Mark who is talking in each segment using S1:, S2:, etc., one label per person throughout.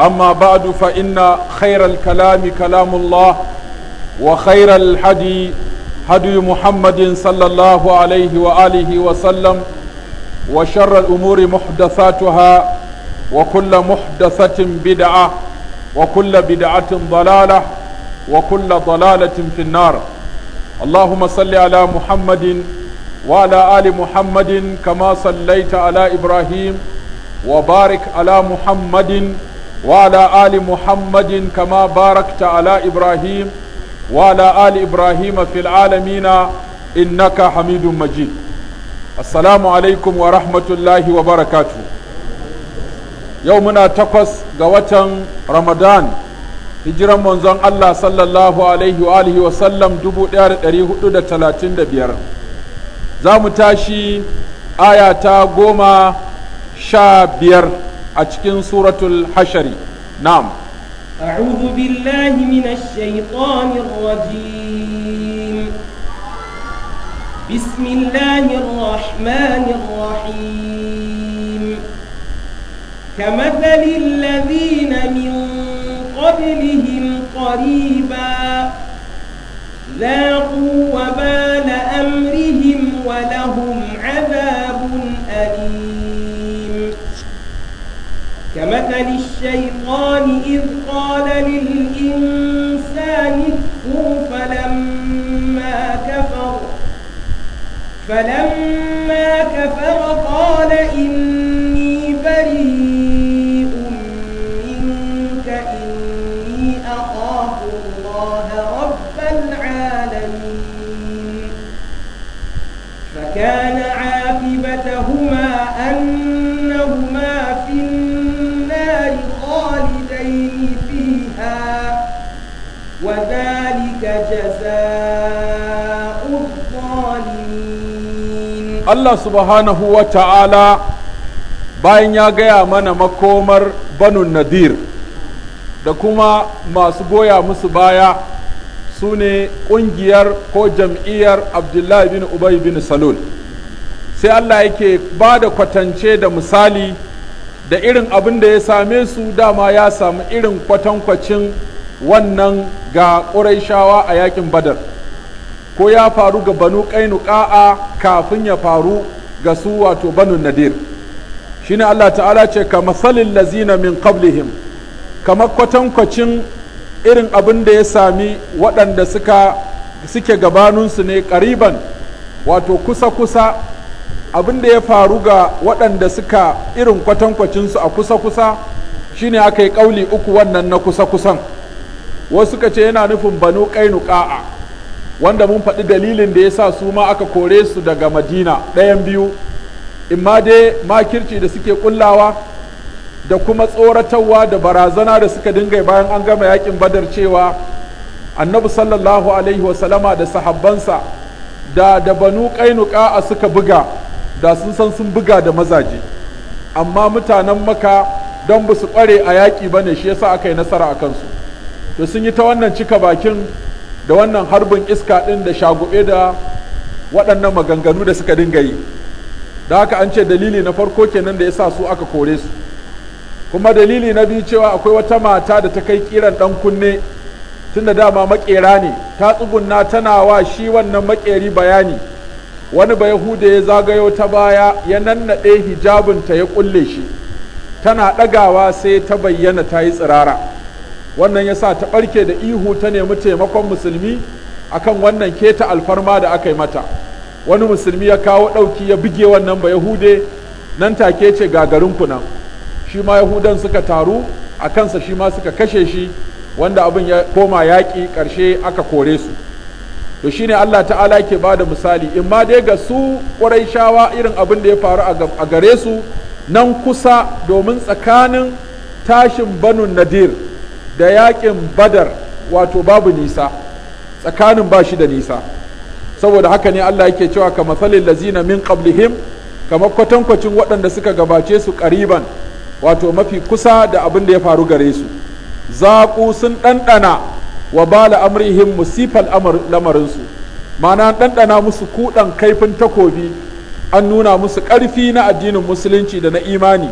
S1: أما بعد فإن خير الكلام كلام الله وخير الحدي هدي محمد صلى الله عليه وآله وسلم وشر الأمور محدثاتها وكل محدثة بدعة وكل بدعة ضلالة وكل ضلالة في النار اللهم صل على محمد وعلى آل محمد كما صليت على إبراهيم وبارك على محمد وعلى آل محمد كما باركت على إبراهيم وعلى آل إبراهيم في العالمين إنك حميد مجيد السلام عليكم ورحمة الله وبركاته يومنا تقص قوة رمضان هجرا منزان الله صلى الله عليه وآله وسلم دبو دار تريه دودة تلاتين دبير زامتاشي آياتا قوما شابير أتكن سورة الحشر نعم
S2: أعوذ بالله من الشيطان الرجيم بسم الله الرحمن الرحيم كمثل الذين من قبلهم قريبا لاقوا وبال أمرهم ولهم كمثل الشيطان إذ قال للإنسان اكفر فلما كفر فلما كفر قال إن
S1: Allah subhanahu wa ta'ala bayan ya gaya mana makomar banun nadir da kuma masu goya musu baya su ne ƙungiyar ko jam'iyyar abdullahi bin ubay bin salul sai Allah yake ba da kwatance da misali da irin abin da ya same su dama ya samu irin kwatankwacin wannan ga ƙuraishawa a yakin badar. ko ya faru ga banu ƙainuƙa'a kafin ya faru ga su wato banu nadir shine Allah ta'ala ce ka matsalin lazina min qablihim kamar kwatankwacin irin abin da ya sami waɗanda suke gabaninsu ne ƙariban wato kusa-kusa abin da ya faru ga waɗanda suka irin kwatankwacinsu a kusa-kusa shine aka yi ƙauli uku wannan na kusa-kusan wasu ka ce yana nufin banu ƙainuƙa'a wanda mun faɗi dalilin da ya sa su ma aka kore su daga madina ɗayan biyu imma dai makirci da suke ƙullawa da kuma tsoratarwa da barazana da suka dinga bayan an gama yakin badar cewa annabi sallallahu alaihi wasallama da sahabbansa da da banu kainuka a suka buga da sun san sun buga da mazaje amma mutanen maka don ba su kware a yaƙi ba ne shi yasa aka yi nasara a kansu to sun yi ta wannan cika bakin da wannan harbin iska ɗin da shagube da waɗannan maganganu da suka dinga yi da haka an ce dalili na farko kenan da ya sa su aka kore su kuma dalili na biyu cewa akwai wata mata da ta kai kiran ɗan kunne tun da dama makera ne ta tsugunna tana wa shi wannan makeri bayani wani ba yahuda ya zagayo ta baya ya nannaɗe hijabinta ya ƙulle shi tana ɗagawa sai ta bayyana ta yi tsirara wannan ya sa ta ɓarke da ihu ta nemi taimakon musulmi akan wannan keta alfarma da aka yi mata wani musulmi ya kawo ɗauki ya buge wannan ba yahude nan take ce ku nan shi ma yahudan suka taru a kansa shi ma suka kashe shi wanda abin ya koma yaƙi ƙarshe aka kore su to shine Allah ta'ala ke ba da misali in ma dai ga su shawa irin abin da ya faru a gare su nan kusa domin tsakanin tashin banu nadir da yakin badar wato babu nisa tsakanin ba shi da nisa saboda haka ne Allah yake cewa ka masalin lazina min qablihim kamar kwatankwacin waɗanda suka gabace su ƙariban wato mafi kusa da abin da ya faru gare su zaƙu sun ɗanɗana wa bala amrihim musifal lamarinsu ma'ana ɗanɗana musu kuɗan kaifin takobi an nuna musu ƙarfi na addinin musulunci da na imani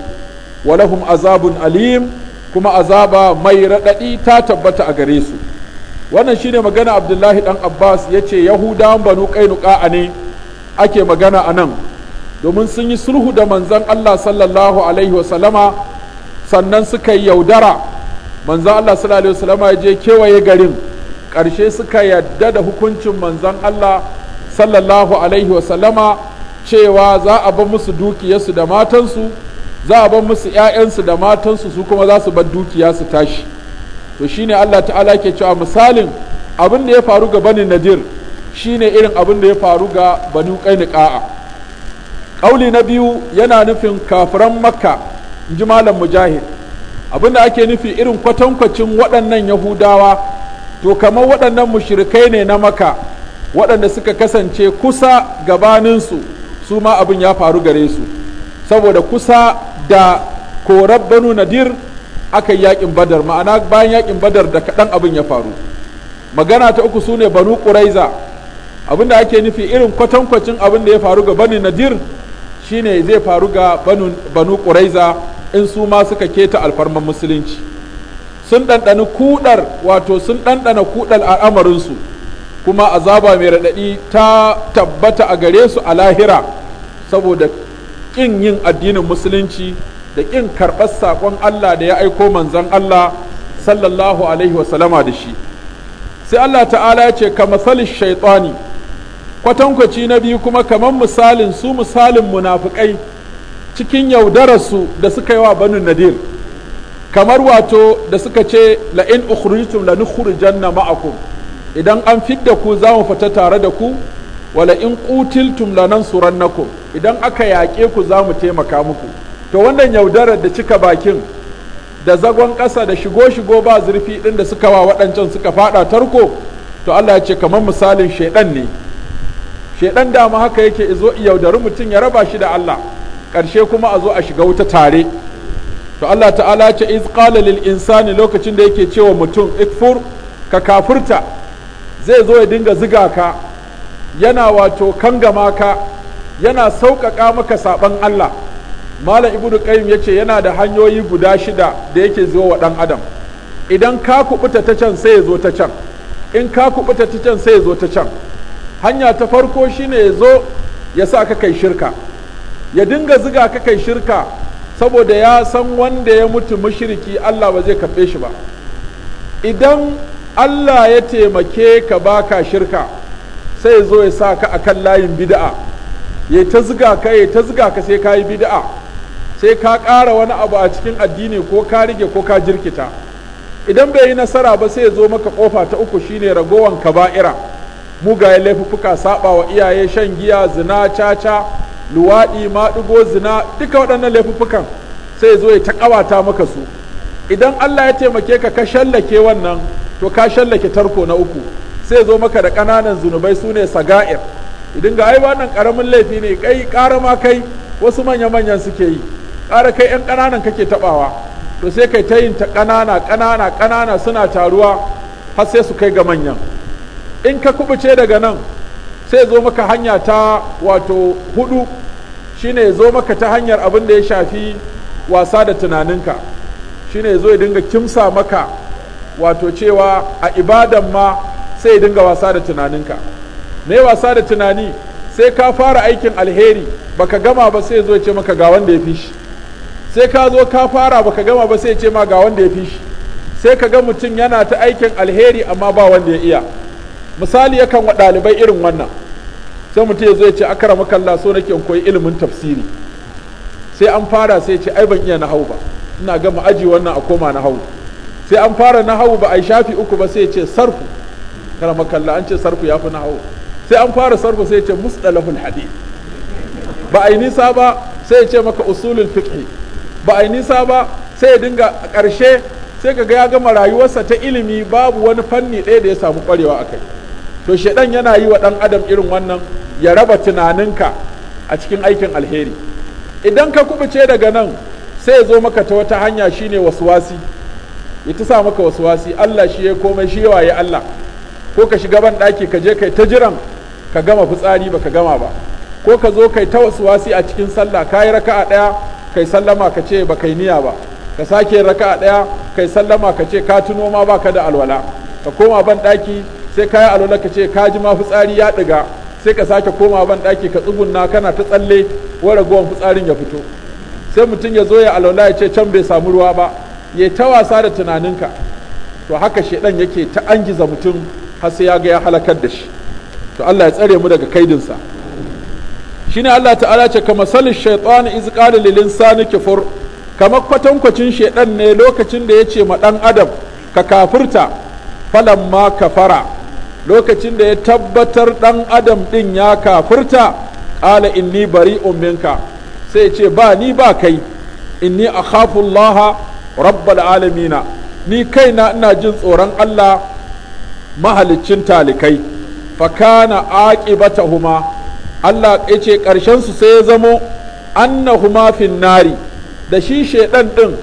S1: walahum azabun alim kuma azaba mai raɗaɗi ta tabbata a gare su wannan shine magana abdullahi dan abbas ya ce yahudawan banu a ne ake magana a nan domin sun yi sulhu da manzan allah sallallahu alaihi wasallama sannan suka yi yaudara manzan allah sallallahu alaihi wasallama ya je kewaye garin ƙarshe suka yadda da hukuncin manzan allah sallallahu alaihi wasallama cewa za a ba musu dukiyarsu da matansu za a ban musu 'ya'yansu da matansu su kuma za su bar dukiya su tashi to shine Allah ta'ala ke cewa misalin abin da ya faru ga bani nadir shine irin abin da ya faru ga bani qainqa'a kauli na biyu yana nufin kafiran makka inji malam mujahid abin da ake nufi irin kwatankwacin waɗannan yahudawa to kamar waɗannan mushrikai ne na makka waɗanda suka kasance kusa gabaninsu su ma abin ya faru gare su saboda kusa da korar banu nadir aka yi yakin badar ma'ana bayan yakin badar da kaɗan abin ya faru magana ta uku sune banu ƙuraiza abin da ake nufi irin kwatankwacin abin da ya faru ga banu nadir shine zai faru ga banu ƙuraiza in su ma suka keta alfarman musulunci sun ɗanɗani kuɗar wato sun ɗanɗana kuɗar al'amarinsu kuma azaba mai raɗaɗi ta tabbata a gare su a lahira saboda ƙin yin addinin musulunci da ƙin karɓar saƙon Allah da ya aiko manzan Allah sallallahu alaihi wasallama da shi sai Allah ta'ala ya ce ka salis shaitani kwatankwaci na biyu kuma kamar misalin su misalin munafukai cikin yaudararsu da suka yi wa banu nadir kamar wato da suka ce la'in ukhrijtum lanukhrijanna ma'akum idan an fidda ku za mu fita tare da ku wala in qutiltum lanansurannakum idan aka yaƙe ku za mu taimaka muku to wannan yaudarar da cika bakin da zagon ƙasa da shigo shigo ba zurfi ɗin da suka wa waɗancan suka faɗa tarko to Allah ya ce kamar misalin shaidan ne shaidan dama haka yake izo yaudari mutum ya raba shi da Allah ƙarshe kuma a zo a shiga wuta tare to Allah ta'ala ce iz qala lil insani lokacin da yake cewa mutum ikfur ka kafurta zai zo ya dinga ziga ka yana wato kangamaka ka yana sauƙaƙa maka saɓan Allah malam Ibn qayyim yace yana da hanyoyi guda shida da yake zuwa wa ɗan adam idan ka kubuta ta can sai ya zo ta can in ka kubuta ta can sai ya zo ta can hanya ta farko shine ya zo ya sa ka kai shirka ya dinga ziga ka kai shirka saboda ya san wanda ya mutu mushriki Allah ba zai karɓe shi ba idan Allah ya taimake ka baka shirka sai zo ya sa ka akan layin bid'a ya ta ziga ka ya ta ziga ka sai ka yi bid'a sai ka ƙara wani abu a cikin addini ko ka rige ko ka jirkita idan bai yi nasara ba sai zo maka kofa ta uku shine ragowan kaba'ira mugaye laifuka saba wa iyaye shan giya zina caca luwaɗi maɗigo zina duka waɗannan laifukan sai zo ya ta ƙawata maka su idan Allah ya taimake ka ka shallake wannan to ka shallake tarko na uku sai zo maka da ƙananan zunubai su ne saga'ir idan ga ai wannan ƙaramin laifi ne kai ƙara ma kai wasu manya-manyan suke yi kara kai 'yan ƙananan kake taɓawa to sai kai ta yin ta ƙanana ƙanana ƙanana suna taruwa har sai su kai ga manyan in ka kubuce daga nan sai zo maka hanya ta wato hudu shine zo maka ta hanyar abin da ya shafi wasa da tunaninka shine zo ya dinga kimsa maka wato cewa a ibadan ma sai ya dinga wasa da tunaninka me wasa da tunani sai ka fara aikin alheri baka gama ba sai zo ce maka ga wanda ya fi shi sai ka zo ka fara baka gama ba sai ce ma ga wanda ya fi shi sai ka ga mutum yana ta aikin alheri amma ba wanda ya iya misali yakan wa ɗalibai irin wannan sai mutum ya zo ya ce akara kalla so nake in koyi ilimin tafsiri sai an fara sai ce ai ban iya na hau ba ina gama aji wannan a koma na hau sai an fara na hau ba a shafi uku ba sai ce sarfu karama makalla an ce sarfu ya fi nahawu sai an fara sarfu sai ce musdalahul hadith ba a yi nisa ba sai ce maka usulul fiqh ba a yi nisa ba sai ya dinga a ƙarshe sai ka ga ya gama rayuwarsa ta ilimi babu wani fanni ɗaya da ya samu ƙwarewa a kai to ɗan yana yi wa ɗan adam irin wannan ya raba tunaninka a cikin aikin alheri idan ka kubuce daga nan sai ya zo maka ta wata hanya shine wasuwasi ya ta sa maka wasuwasi Allah shi ya komai shi ya waye Allah ko ka shiga ban ɗaki ka je kai ta jiran ka gama fitsari ba ka gama ba ko ka zo kai ta wasi a cikin sallah ka yi raka'a ɗaya kai sallama ka ce ba kai niyya ba ka sake raka'a ɗaya kai sallama ka ce ka tuno ma ba ka da alwala ka koma ban ɗaki sai ka yi alwala ka ce ka ji ma fitsari ya ɗiga sai ka sake koma ban ɗaki ka tsugunna kana ta tsalle wa ragowar fitsarin ya fito sai mutum ya zo ya alwala ya ce can bai samu ruwa ba ya ta wasa da tunaninka to haka shaidan yake ta angiza mutum har sai ya ga ya halakar da shi to Allah ya tsare mu daga kaidinsa shine Allah ta'ala ce kama salin shaitan iz qala lil insani kufur kamar kwatankwacin shaidan ne lokacin da yace ma dan adam ka kafirta falamma kafara lokacin da ya tabbatar dan adam din ya kafirta qala inni bari minka sai ya ce ba ni ba kai inni akhafu Allah rabbal alamina ni kaina ina jin tsoron Allah mahalicin talikai fakana huma Allah ya ce ƙarshen su sai ya zamo annahuma huma nari da shi shedan ɗin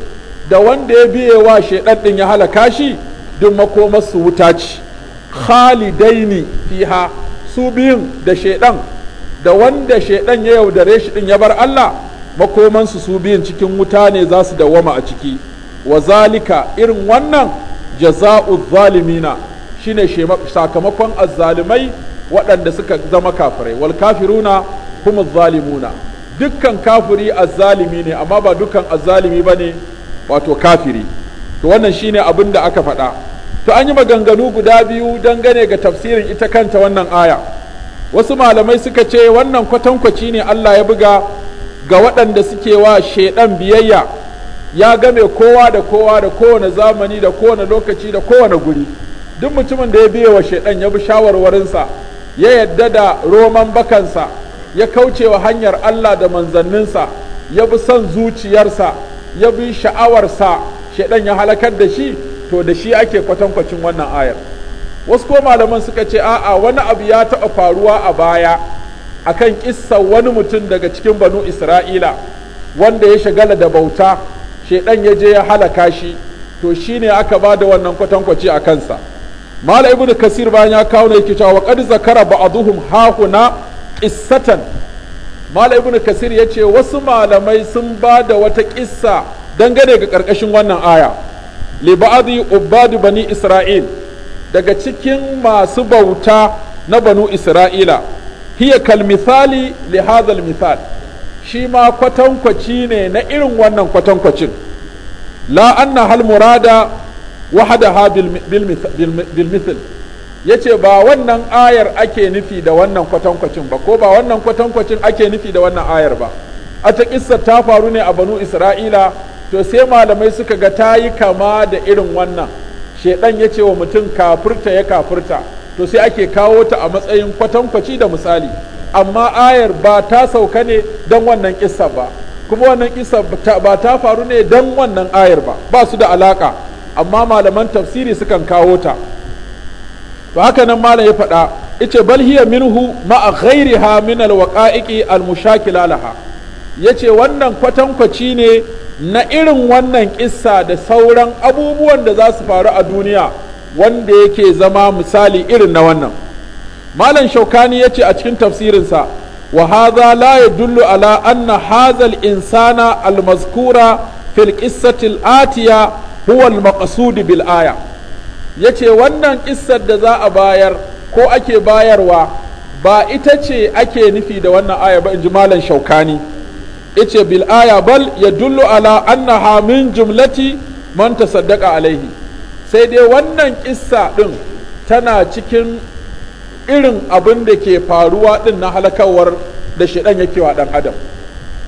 S1: da wanda ya biye wa shedan ɗin ya halaka shi duk makomar wuta ce khalidaini fiha su biyun da shedan da wanda shedan ya yaudare shi ɗin ya bar Allah makomansu su biyun cikin wuta ne za su dawama a ciki wa zalika irin wannan jaza'u zalimina shine sakamakon azzalimai waɗanda suka zama kafirai wal kafiruna kuma zalimuna dukkan kafiri azzalimi ne amma ba dukkan ba ne wato kafiri to wannan shine abin da aka faɗa to an yi maganganu guda biyu dangane ga tafsirin ita kanta wannan aya wasu malamai suka ce wannan kwatankwaci ne Allah ya buga ga waɗanda suke wa shaidan biyayya ya game kowa da kowa da kowane zamani da kowane lokaci da kowane guri duk mutumin da ya biya wa shaidan ya bi shawarwarinsa ya yadda da roman bakansa ya kauce wa hanyar Allah da manzanninsa ya bi son zuciyarsa ya bi sha'awarsa shaidan ya halakar da shi to da shi ake kwatankwacin wannan ayar wasu ko malaman suka ce a'a wani abu ya taɓa faruwa a baya akan kissa wani mutum daga cikin banu isra'ila wanda ya shagala da bauta shaidan ya je ya halaka shi to shi ne aka ba da wannan kwatankwaci a kansa mala ibn kasir bayan ya kawo ne yake cewa kadi zakara ba'dhum hahuna qissatan mala ibn kasir ce wasu malamai sun ba da wata kissa dangane ga karkashin wannan aya li ba'dhi bani isra'il daga cikin masu bauta na banu isra'ila hiya kal misali li hadha misal shi ma kwatankwaci ne na irin wannan kwatankwacin la anna hal murada wahadaha bil ya yace ba wannan ayar ake nufi da wannan kwatankwacin ba ko ba wannan kwatankwacin ake nufi da wannan ayar ba a ta kissa ta faru ne a banu isra'ila to sai malamai suka ga ta yi kama da irin wannan ya ce wa mutum kafirta ya kafirta to sai ake kawo ta a matsayin kwatankwaci da misali amma ayar ba ta sauka ne don wannan kissa ba kuma wannan kissa ba ta faru ne don wannan ayar ba ba su da alaka amma malaman tafsiri sukan kawo ta to haka nan malam ya faɗa ice bal hiya minhu ma'a ghairiha min alwaqa'iqi almushakila laha yace wannan kwatankwaci ne na irin wannan kissa da sauran abubuwan da za su faru a duniya wanda yake zama misali irin na wannan malam shaukani yace a cikin tafsirinsa wa hadha la yadullu ala anna hadha al-insana al-mazkura fil qissati al-atiya huwa al-maqsud bil aya yace wannan kissar da za a bayar ko ake bayarwa ba ita ce ake nufi da wannan aya ba inji malam shaukani yace bil aya bal yadullu ala annaha min jumlati man tasaddaqa alaihi sai dai wannan kissa din tana cikin irin abin da ke faruwa din na halakawar da shidan yake wa dan adam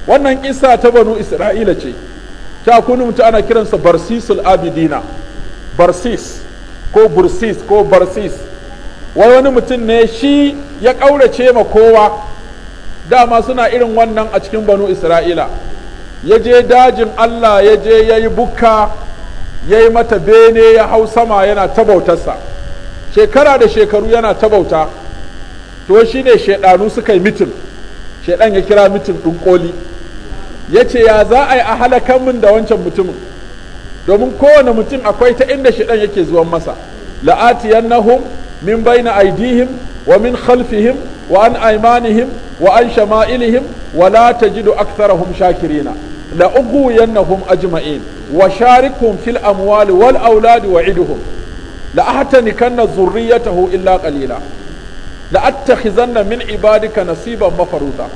S1: wannan kissa ta banu isra'ila ce ta mutu ana kiransa barsisul abidina barsis ko bursis ko barsis wai wani mutum ne shi ya ƙaurace ma kowa dama suna irin wannan a cikin banu isra'ila ya je dajin allah ya je ya yi bukka ya yi mata bene ya hau sama yana tabautarsa shekara da shekaru yana tabauta to shi ne shaidanu suka yi mitin shaidan ya kira mitin ɗin ƙoli ya ce ya za a yi a halakan min da wancan mutumin domin kowane mutum akwai ta inda shiɗan yake zuwan masa la'atiyannahum min baina aidihim wa min khalfihim wa an aimanihim wa an shama'ilihim wa la tajidu aktharahum shakirina la ugwiyannahum ajma'in wa sharikhum fil amwali wal auladi wa iduhum la ahtanikanna zurriyatahu illa qalila la attakhizanna min ibadika nasiban mafaruta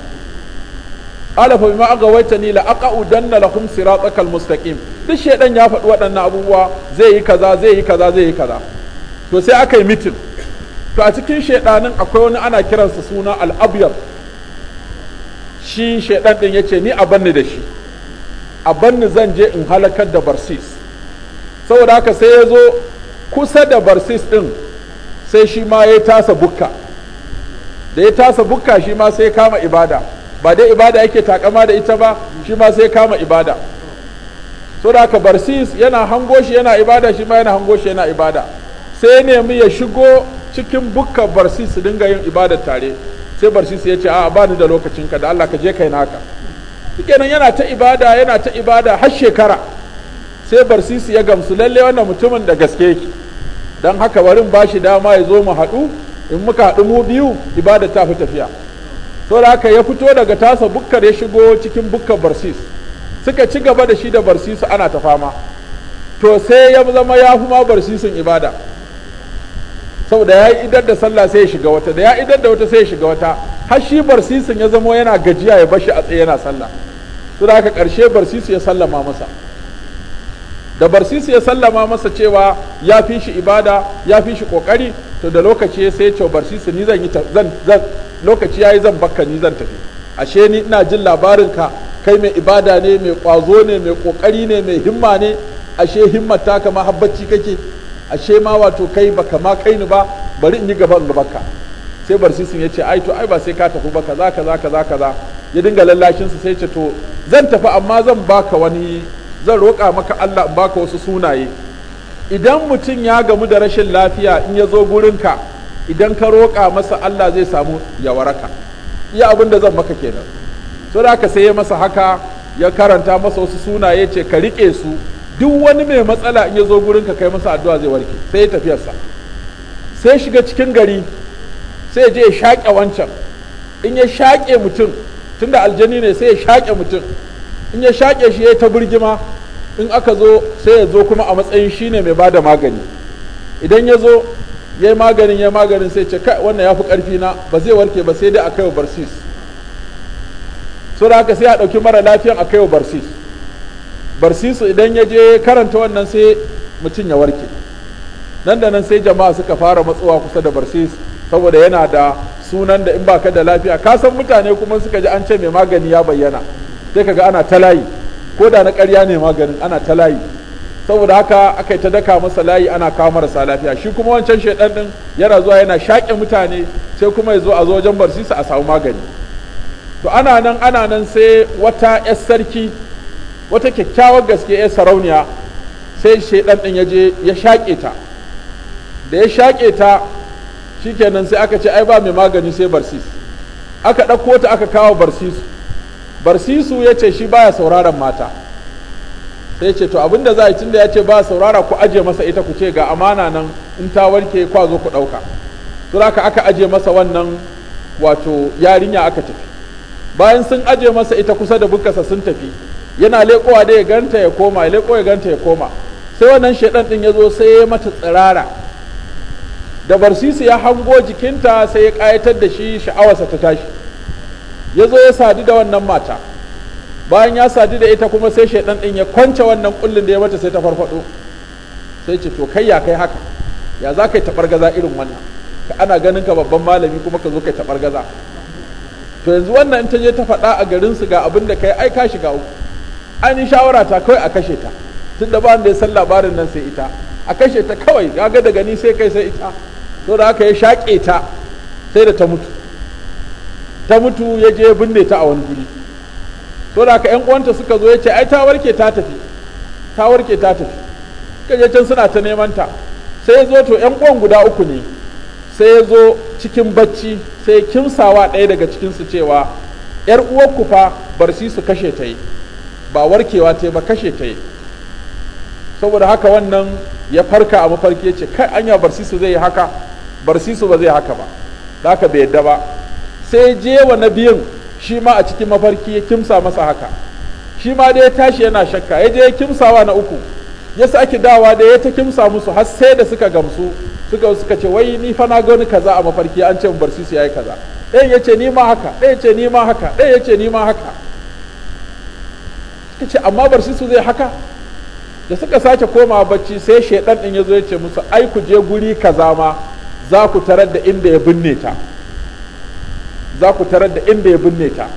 S1: qala fa bima ni la aqudanna lahum siratakal mustaqim duk shedan ya faɗi waɗannan abubuwa zai yi kaza zai yi kaza zai yi kaza to sai aka yi mitin to a cikin shedanin akwai wani ana kiransa suna al shi shi shedan din yace ni a banni da shi a banni zan je in halakar da barsis saboda haka sai ya zo kusa da barsis ɗin sai shi ma ya tasa bukka da ya tasa bukka shi ma sai kama ibada ba dai ibada yake takama da ita ba shi ma sai kama ibada so da haka barsis yana hango shi yana ibada shi ma yana hango shi yana ibada sai ya nemi ya shigo cikin bukka barsis su dinga yin ibada tare sai barsis ya ce a ba ni da ka da Allah ka je kai naka kenan yana ta ibada yana ta ibada har shekara sai barsis ya gamsu lalle wannan mutumin da gaske yake don haka barin bashi dama ya zo mu haɗu in muka haɗu mu biyu ibada ta fi tafiya so da haka ya fito daga tasa bukkar ya shigo cikin bukkar barsis suka ci gaba da shi da barsisu ana ta fama to sai ya zama ya fi barsisin barsisun ibada saboda ya yi idar da sallah sai ya shiga wata da ya idar da wata sai ya shiga wata har shi barsisun ya zama yana gajiya ya bashi a tsaye yana sallah to da haka karshe barsisu ya sallama masa da barsisu ya sallama masa cewa ya fi shi ibada ya fi shi kokari to da lokaci sai ya ce barsisu ni zan yi zan lokaci yayi zan bakka ni zan tafi ashe ni ina jin labarin ka kai mai ibada ne mai kwazo ne mai kokari ne mai himma ne ashe himmar ta kama habbaci kake ashe ma wato kai baka ma kai ni ba bari in yi gaba in bakka sai barsisin ya ce ai to ai ba sai ka tafi ba kaza kaza kaza kaza ya dinga lallashin su sai ce to zan tafi amma zan baka wani zan roƙa maka Allah in baka wasu sunaye idan mutum ya gamu da rashin lafiya in ya zo gurinka idan ka roƙa masa Allah zai samu ya waraka iya abin da zan maka kenan so da aka sai ya masa haka ya karanta masa wasu sunaye ce ka riƙe su duk wani mai matsala in ya zo gurin ka kai masa addu'a zai warke sai ya tafiyarsa sai shiga cikin gari sai ya je ya shaƙe wancan in ya shaƙe mutum tunda aljani ne sai ya shaƙe mutum in ya shaƙe shi ya ta birgima in aka zo sai ya zo kuma a matsayin shine mai bada magani idan ya zo yi maganin ya maganin sai ce kai wannan yafi karfi na ba zai warke ba sai dai a kaiwa barsis so da haka sai a ɗauki mara lafiyan a kaiwa barsis barsisu idan ya je karanta wannan sai mutum ya warke nan da nan sai jama'a suka fara matsuwa kusa da barsis saboda yana da sunan da in ba ka da lafiya ka san mutane kuma suka ji an ce mai magani ya bayyana sai ga ana ta layi ko da na karya ne maganin ana ta layi saboda haka aka yi ta daka masa layi ana kawo marasa lafiya shi kuma wancan shaidan din yana zuwa yana shaƙe mutane sai kuma ya zo a zo wajen barsisa a samu magani to ana nan ana nan sai wata yar sarki wata kyakkyawar gaske yar sarauniya sai shaidan din ya je ya shaƙe ta da ya shaƙe ta shi kenan sai aka ce ai ba mai magani sai barsis aka ɗauko ta aka kawo barsisu barsisu ya ce shi baya sauraron mata sai ce to abinda za a yi da ya ce ba saurara ku aje masa ita ku ce ga amana nan in ta warke kwa zo ku ɗauka su aka aje masa wannan wato yarinya aka tafi bayan sun aje masa ita kusa da bukasa sun tafi yana leƙowa da ya ganta ya koma ya leƙo ya ganta ya koma sai wannan shaidan ɗin ya zo sai ya mata tsirara da barsisu ya hango jikinta sai ya ƙayatar da shi sha'awarsa ta tashi ya zo ya sadu da wannan mata bayan ya sadu da ita kuma sai shaidan din ya kwance wannan kullun da ya mata sai ta farfado sai ce to kai ya kai haka ya za ka yi gaza irin wannan ka ana ganin ka babban malami kuma ka zo ka taɓar gaza to yanzu wannan in ta je ta faɗa a garin su ga abin da kai ai ka shiga uku an shawara ta kawai a kashe ta tun da ba da ya san labarin nan sai ita a kashe ta kawai ga daga ni sai kai sai ita to da haka ya shaƙe ta sai da ta mutu ta mutu ya je binne ta a wani guri to da ka yan uwanta suka zo ya ce ai ta warke ta tafi ta warke ta tafi kaje can suna ta neman ta sai ya zo to yan uwan guda uku ne sai ya zo cikin bacci sai ya kimsawa ɗaya daga cikin su cewa yar ku fa barsi su kashe ta yi ba warkewa ta yi ba kashe ta yi saboda haka wannan ya farka a mafarki ya ce kai anya barsisu zai yi haka barsisu ba zai haka ba da haka bai yadda ba sai je wa na biyun shi ma a cikin mafarki ya kimsa masa haka shi ma da ya tashi yana shakka ya je ya kimsawa na uku ya sake dawa da ya ta kimsa musu har sai da suka gamsu suka suka ce wai ni fa na ga wani kaza a mafarki an ce mu bar sisi yayi kaza ɗaya ya ce ni ma haka ɗaya ya ce ni ma haka ɗaya ya ce ni ma haka suka ce amma bar sisi zai haka da suka sake koma bacci sai shaidan din ya zo ya ce musu ai ku je guri kaza ma za ku tarar da inda ya binne ta za ku tarar da inda ya binne ta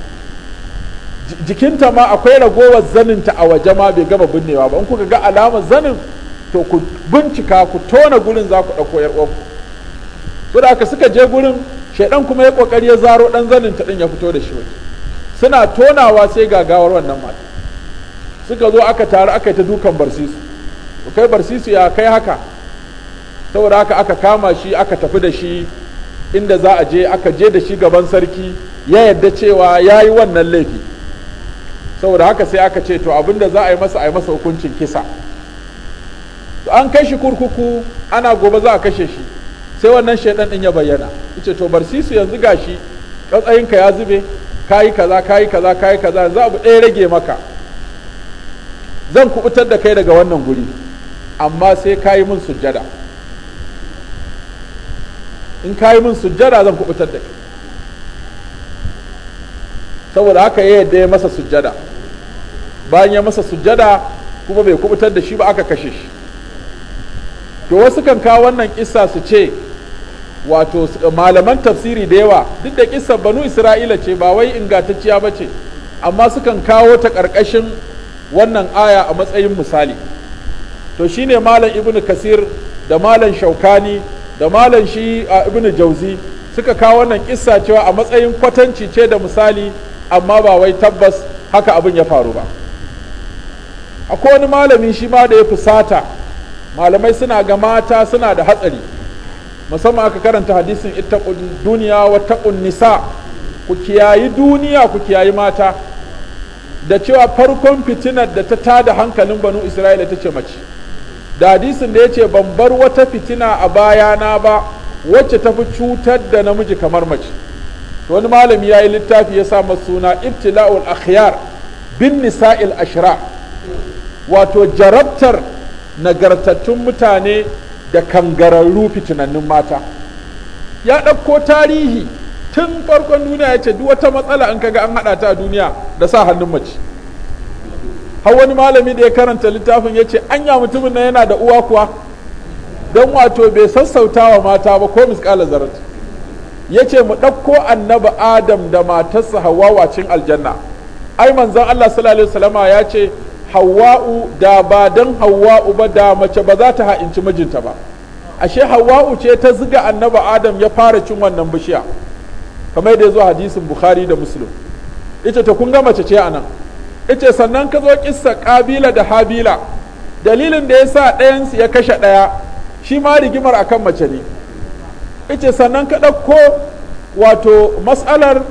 S1: jikinta ma akwai ragowar zaninta a waje ma bai gama binnewa ba in kuka ga alamar zanin to ku bincika ku tona gurin za ku ɗauko yar ku da aka suka je gurin shaidan kuma ya ƙoƙari ya zaro ɗan zanin ta ɗin ya fito da shi waje suna tonawa sai gagawar wannan mata suka zo aka taru aka yi ta dukan barsisu kai barsisu ya kai haka saboda haka aka kama shi aka tafi da shi inda za a je aka je da shi gaban sarki ya yadda cewa ya yi wannan laifi saboda haka sai aka ce to abinda za a yi masa a yi masa hukuncin kisa an kai shi kurkuku ana gobe za a kashe shi sai wannan shaidan din ya bayyana ce to bar sisu yanzu gashi katsayinka ya zube kayi kaza kayi kaza kayi kaza yanzu abu ɗaya rage maka zan kubutar da kai daga wannan guri amma sai kayi mun sujjada in ka yi min sujjada zan kubutar da kai saboda haka ya yadda ya masa sujjada bayan ya masa sujjada kuma bai kubutar da shi ba aka kashe shi to wasu kan kawo wannan kissa su ce wato malaman tafsiri da yawa duk da kisa banu isra'ila ce ba wai ingantacciya ba ce amma sukan kawo ta ƙarƙashin wannan aya a matsayin misali to shine malam ibnu kasir da malam shaukani da malam shi a ibnu jauzi suka kawo wannan kissa cewa a matsayin kwatanci ce da misali amma ba wai tabbas haka abin ya faru ba akwai wani malami shi ma da ya fusata malamai suna ga mata suna da hatsari musamman aka karanta hadisin ita duniya wa nisa ku kiyayi duniya ku kiyayi mata da cewa farkon fitinar da ta tada hankalin banu isra'ila ta ce mace da hadisin da ya ce ban bar wata fitina a bayana ba wacce ta fi cutar da namiji kamar mace wani malami ya yi littafi ya sa suna ibtila'ul akhyar bin nisa'il ashra wato jarabtar nagartattun mutane da kangararru fitinannun mata ya ɗauko tarihi tun farkon duniya ya ce duk wata matsala in kaga an haɗa ta a duniya da sa hannun mace har wani malami da ya karanta littafin ya ce anya mutumin nan yana da uwa kuwa don wato bai sassauta wa mata ba ko miskala zarat ya ce mu ɗauko annaba adam da matarsa hawawa cin aljanna ai manzon allah sallallahu alaihi ya ce hawa'u da ba don hawa'u ba da mace ba za ta ha'inci mijinta ba ashe hawa'u ce ta ziga annaba adam ya fara cin wannan bishiya kamar da ya zo hadisin bukhari da muslim ita ta kun ga mace ce a nan yace sannan ka zo kissa kabila da habila dalilin da ya sa ɗayansu ya kashe ɗaya shi ma rigimar akan mace ne yace sannan ka ɗauko wato matsalar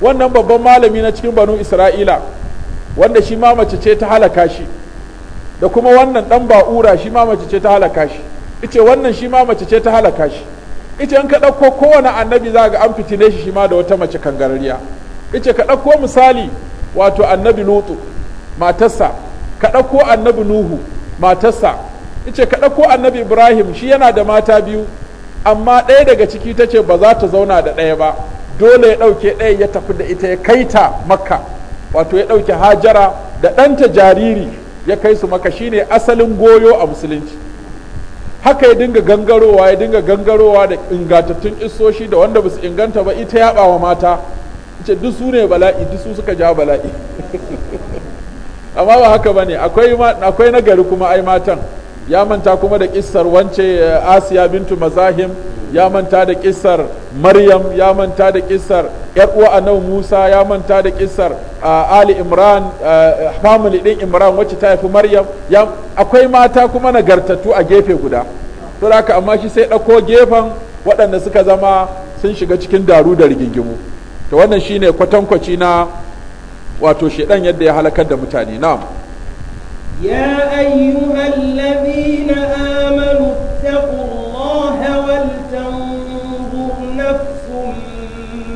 S1: wannan babban malami na cikin banu isra'ila wanda shi ma mace ce ta halaka shi da kuma wannan ɗan ba'ura shi ma mace ce ta halaka shi ce wannan shi ma mace ce ta halaka shi ice in ka ɗauko kowane annabi za ga an fitine shi shi ma da wata mace kangarariya ice ka ɗauko misali wato annabi lutu matarsa ka ɗauko annabi nuhu matarsa ce ka ɗauko annabi ibrahim shi yana da mata biyu amma ɗaya daga ciki ta ce ba za ta zauna da ɗaya ba dole ya ɗauke ɗaya ya tafi da ita ya kai ta makka wato ya ɗauke hajara da ɗanta jariri ya kai su maka shine asalin goyo a musulunci haka ya dinga gangarowa ya dinga gangarowa da ingantattun isoshi da wanda ba su inganta ba ita ya wa mata ce duk su ne bala'i duk su suka ja bala'i amma ba haka bane akwai akwai nagari kuma ai matan ya manta kuma da kissar wance eh, asiya bintu mazahim ya manta da kissar maryam ya manta da kissar yar uwa musa ya manta da kissar eh, ali imran family eh, din imran wacce ta haifi maryam akwai mata kuma nagartattu a gefe guda to haka amma shi sai dauko gefen waɗanda suka zama sun shiga cikin daru da rigingimu to wannan shine kwatankwaci na wato shedan yadda ya halakar da mutane na
S2: ya ayyuhal ladina amanu taqullaha wal tanzur nafsum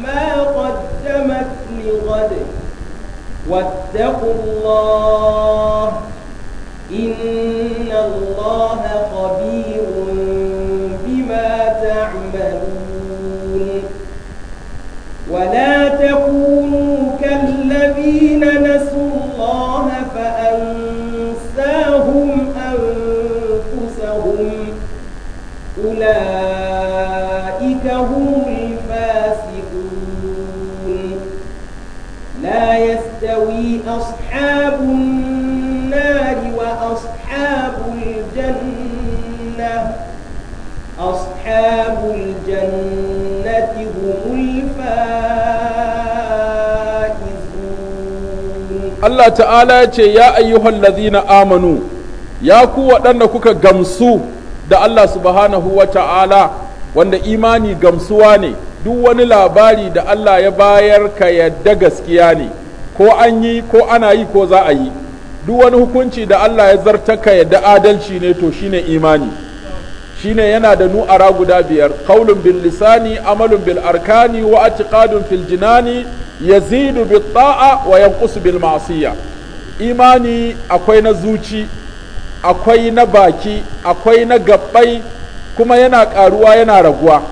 S2: ma qaddamat lighad wattaqullaha inna allaha khabirun bima ta'malun ولا تكونوا كالذين نسوا الله فأنساهم أنفسهم أولئك هم الفاسقون لا يستوي أصحاب النار وأصحاب الجنة أصحاب الجنة
S1: Allah ta'ala ya ce ya ayyuhal ladhina amanu ya ku waɗanda kuka gamsu da Allah subhanahu wa ta'ala wanda imani gamsuwa ne duk wani labari da Allah ya bayar ka yadda gaskiya ne ko an yi ko ana yi ko za a yi duk wani hukunci da Allah ya zarta ka yadda adalci ne to shine imani shine yana da nu'ara guda biyar qaulun bil lisani amalun bil arkani wa atiqadun fil jinani yazidu bi ta'a wa yanqusu bil ma'siyah imani akwai na zuci akwai na baki akwai na gabbai kuma yana karuwa yana raguwa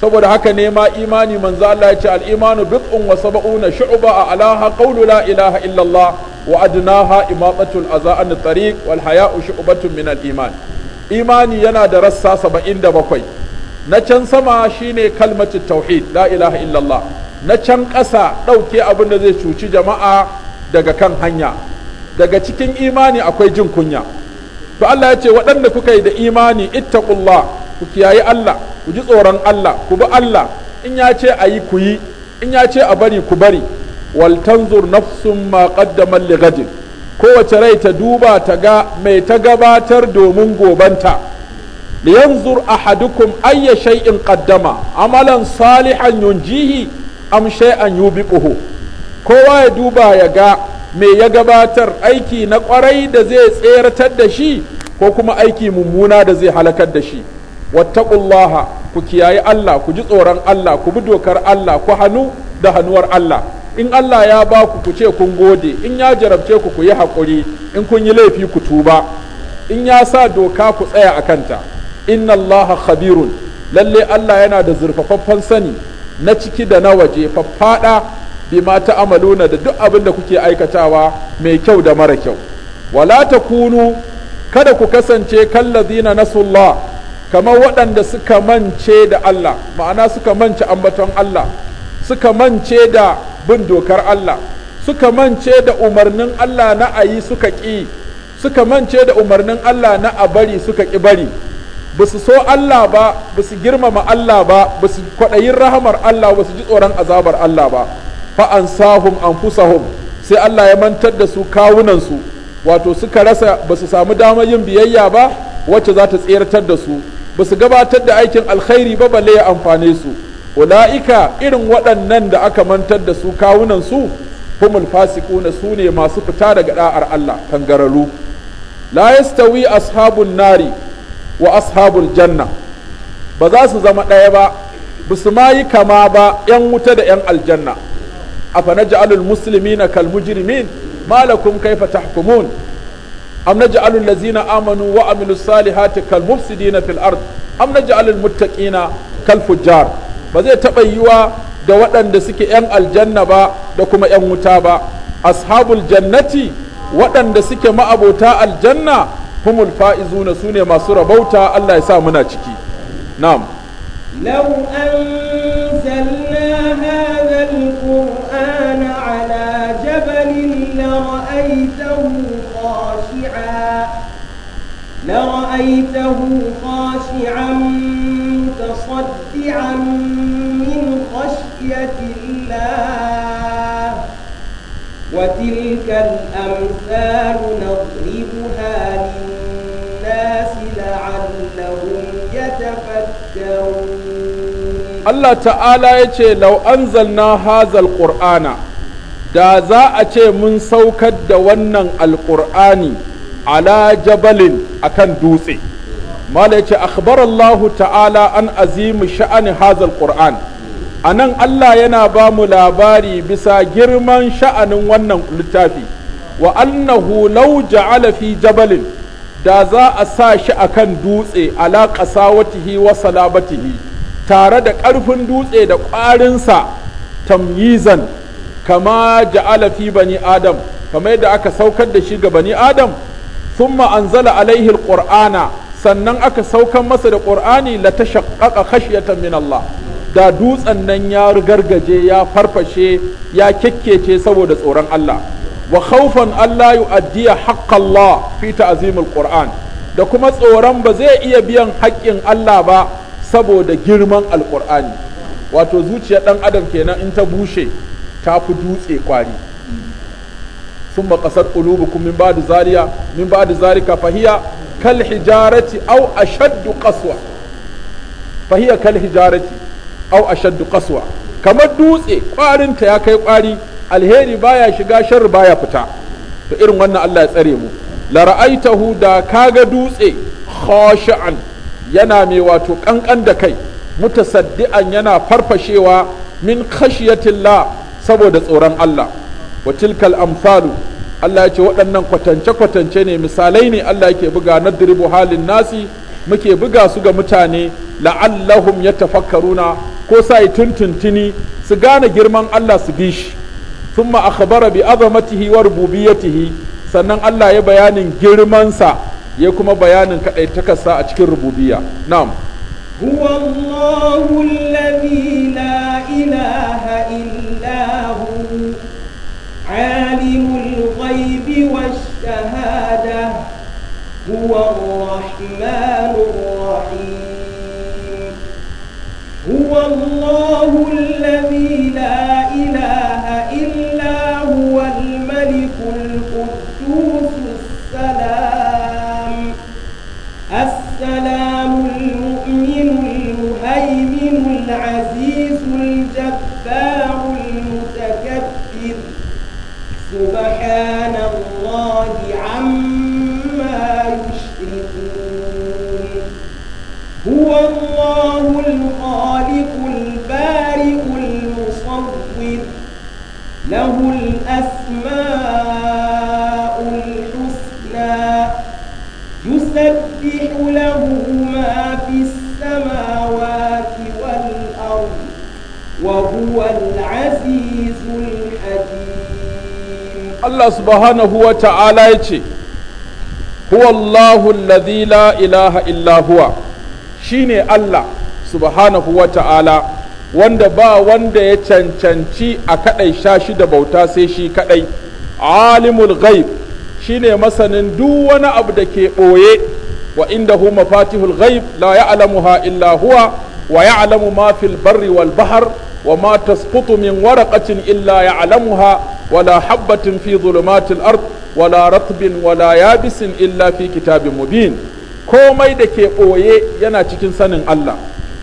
S1: saboda haka ne ma imani manzo Allah ya ce al-imanu bid'un wa sab'una shu'ba alaha qawlu la ilaha illa Allah wa adnaha imatatul aza an tariq wal haya'u shu'batun min al-iman imani yana da rassa 77 na can sama shine kalmatu tauhid la ilaha illa Allah na can ƙasa ɗauke abin da zai cuci jama'a daga kan hanya daga cikin imani akwai jin kunya to Allah ya ce waɗanda kuka yi da imani ittaqullah ku kiyaye Allah ku ji tsoron Allah ku bi Allah in ya ce a yi ku yi in ya ce a bari ku bari wal tanzur nafsun ma qaddamat li kowace rai ta duba ta ga mai ta gabatar domin gobanta yanzur ahadukum ayya shay'in qaddama amalan salihan yunjihi am shay'an yubiquhu kowa ya duba ya ga me ya gabatar aiki na kwarai da zai tsayartar da shi ko kuma aiki mummuna da zai halakar da shi wattaqullaha ku kiyaye Allah ku ji tsoron Allah ku bi dokar Allah ku hannu da hannuwar Allah in Allah ya ba ku ku ce kun gode in ya jarabce ku ku yi haƙuri in kun yi laifi ku tuba in ya sa doka ku tsaya a kanta inna Allah khabirun lalle Allah yana da zurfafaffen sani na ciki da na waje faffaɗa bima ta'amaluna da duk abin da kuke aikatawa mai kyau da mara kyau wala ta kunu kada ku kasance kallazina nasullah kamar waɗanda suka mance da Allah ma'ana suka mance ambaton Allah suka mance da bin dokar Allah suka mance da umarnin Allah na ayi suka ƙi suka mance da umarnin Allah na a bari suka ƙi bari ba su so Allah ba ba su girmama Allah ba ba su kwaɗayin rahamar Allah ba su ji tsoron azabar Allah ba fa an sahum an fusahum sai Allah ya mantar da su kawunansu wato suka rasa ba su samu damar yin biyayya ba wacce za ta tseratar da su ba su gabatar da aikin alkhairi ba balle ya amfane su ula'ika irin waɗannan da aka mantar da su kawunansu humul na su ne masu fita daga ɗa'ar Allah kangararu la yastawi ashabun nari wa ashabul janna ba za su zama ɗaya ba ba su ma yi kama ba 'yan wuta da 'yan aljanna afa alul musulmi na kalmujirmin malakun kaifa tahkumun am naj'alul lazina amanu wa amilus salihati kal mufsidina fil ard am naj'alul muttaqina kal fujjar ba zai taɓa yiwa da waɗanda suke 'yan aljanna ba da kuma 'yan wuta ba ashabul jannati waɗanda suke ma'abota aljanna humul fa'izuna sune masu rabauta Allah ya sa muna ciki na'am
S2: law anzalna hadha alqur'ana ala jabalin lara'aytahu khashi'a lara'aytahu khashi'an mutasaddian min khashyati الله وتلك الأمثال نضربها Allah
S1: ta'ala ya ce lau'anzalna hazal ƙur'ana da za a ce mun saukar da wannan alƙur'ani ala jabalin akan dutse mala ya ce akhbarallahu ta'ala an azimi sha'ani hazal ƙur'an a nan Allah yana ba mu labari bisa girman sha'anin wannan littafi wa annahu law ja'ala fi jabalin da za a sa shi a kan dutse ala ƙasawatihi wa salabatihi tare da ƙarfin dutse da ƙwarinsa tamyizan kama ja'ala fi bani adam kama yadda aka saukar da shi ga bani adam thumma anzala alaihi alƙur'ana sannan aka saukar masa da ƙur'ani la tashaqqaqa khashyatan min Allah da dutsen nan ya gargaje ya farfashe ya kekkece saboda tsoron Allah wa kaufan Allah yu'addiya haqqallah fi ta'zimil Qur'an da kuma tsoron ba zai iya biyan haƙƙin Allah ba saboda girman alƙur'ani wato zuciyar ɗan adam kenan in ta bushe ta fi dutse kwari sun maƙasar ƙulubukum min ba'du zariya min ba'du zarika fahiya kal hijarati au ashaddu qaswa fahiya kal hijarati ashaddu qaswa kamar dutse kwarinta ya kai kwari alheri baya shiga sharri baya fita to irin wannan Allah ya tsare mu la da kaga dutse khashi'an yana mai wato kankan da kai mutasaddi'an yana farfashewa min khashiyatillah saboda tsoron Allah wa tilkal amsalu Allah ya ce waɗannan kwatance-kwatance ne misalai ne Allah yake buga na diribu halin nasi muke buga su ga mutane la'allahum yatafakkaruna ko sa yi tuntuntuni su gane girman Allah su bi shi thumma akhbara bi azamatihi wa rububiyatihi sannan Allah ya bayanin girmansa ya kuma bayanin kaɗai kaɗaitakarsa a cikin rububiyya na'am
S2: هو الله الذي لا إله إلا هو عالم الغيب والشهادة هو الرحمن الرحيم هو الله الذي لا إله إلا هو الملك القدوس السلام السلام المؤمن المهيمن العزيز الجبار المتكبر سبحان الأسماء الحسنى يسبح له ما في السماوات والأرض وهو العزيز الحكيم
S1: الله سبحانه وتعالى يتي هو الله الذي لا إله إلا هو شيني الله سبحانه وتعالى wanda ba wanda ya cancanci a kadai shashi da bauta sai shi kadai alimul ghaib shine masanin duk wani abu da ke ɓoye wa inda indahu mafatihul ghaib la ya'lamuha illa huwa wa ya'lamu ma fil barri wal bahr wa ma tasqutu min waraqatin illa ya'lamuha wala habatin fi dhulumatil ard wala ratbin wala yabisin illa fi kitabin mubin komai da ke ɓoye yana cikin sanin Allah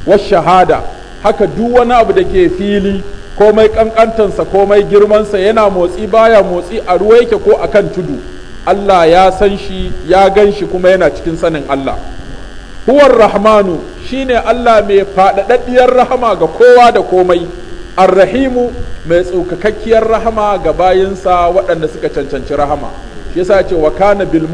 S1: wa shahada haka duk wani abu da ke fili komai kankantansa komai girmansa yana motsi baya motsi a ruwa yake ko a kan tudu Allah ya san shi ya gan shi kuma yana cikin sanin Allah huwar rahmanu shine Allah mai faɗaɗaɗɗiyar rahama ga kowa da komai al-rahimu mai tsukakakkiyar rahama ga bayansa waɗanda suka cancanci rahama shi yasa ce wa kana bil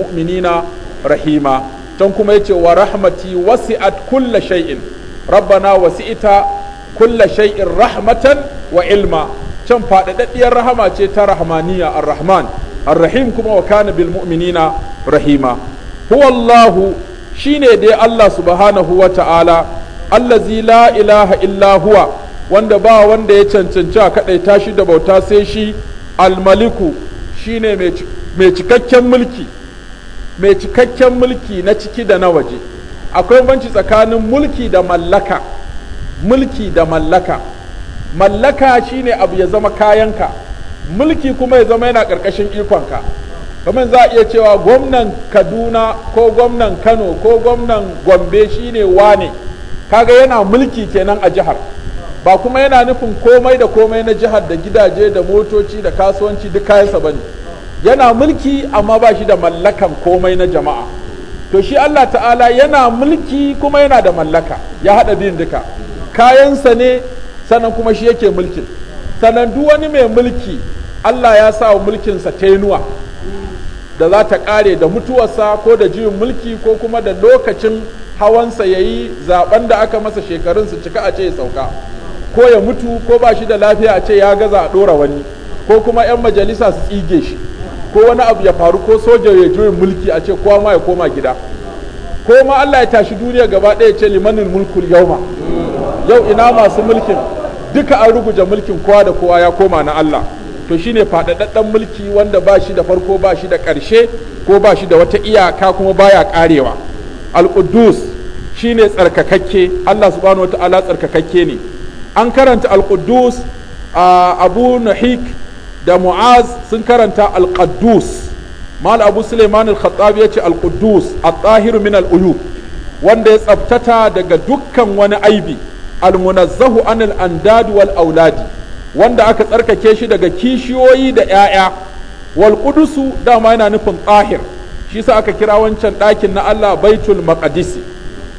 S1: rahima can kuma yace wa rahmati wasi'at kulla shay'in rabbana wasi'ita kulla shay'in rahmatan wa ilma can faɗaɗɗiyar rahama ce ta rahmaniya ar-rahman ar-rahim kuma wa kana bil mu'minina rahima huwa allah shine dai Allah subhanahu wa ta'ala allazi la ilaha illa huwa wanda ba wanda ya cancanci a kadai shi da bauta sai shi almaliku shine mai cikakken mulki mai cikakken mulki na ciki da na waje akwai banci tsakanin mulki da mallaka mulki da mallaka mallaka shine abu ya zama kayanka mulki kuma ya zama yana ƙarƙashin ikonka kamar za a iya cewa gwamnan kaduna ko gwamnan kano ko gwamnan gombe shine wane kaga yana mulki kenan a jihar ba kuma yana nufin komai da komai na jihar da gidaje da motoci da kasuwanci duk kayansa bane yana mulki amma ba shi da mallakan komai na jama'a to shi Allah ta'ala yana mulki kuma yana da mallaka ya haɗa biyun duka kayansa ne sannan kuma shi yake mulkin sannan duk wani mai mulki Allah ya sa wa mulkinsa tainuwa da za ta kare da mutuwarsa ko da juyin mulki ko kuma da lokacin hawansa ya yi zaben da aka masa shekarun su cika a ce ya sauka ko ya mutu ko ba shi da lafiya a ce ya gaza a ɗora wani ko kuma 'yan majalisa su tsige shi ko wani abu ya faru ko soja ya juyin mulki a ce kowa ma ya koma gida ko ma Allah ya tashi duniya gaba ɗaya ce limanin mulkul yauma yau ina masu mulkin duka an ruguje mulkin kowa da kowa ya koma na Allah to shine faɗaɗaɗɗen mulki wanda ba shi da farko ba shi da ƙarshe ko ba shi da wata iyaka kuma baya ƙarewa al-quddus shine tsarkakakke Allah subhanahu wata'ala tsarkakakke ne an karanta al-quddus ah, abu nahik da mu'az sun karanta al-qaddus mal abu suleiman al-khattab ya ce al-quddus at-tahiru min al-uyub wanda ya tsabtata daga dukkan wani aibi al-munazzahu anil andad wal auladi wanda aka tsarkake shi daga kishiyoyi da ‘ya'ya, wal kudusu dama yana nufin tsahir, shi sa aka kira wancan ɗakin na Allah baitul maqdisi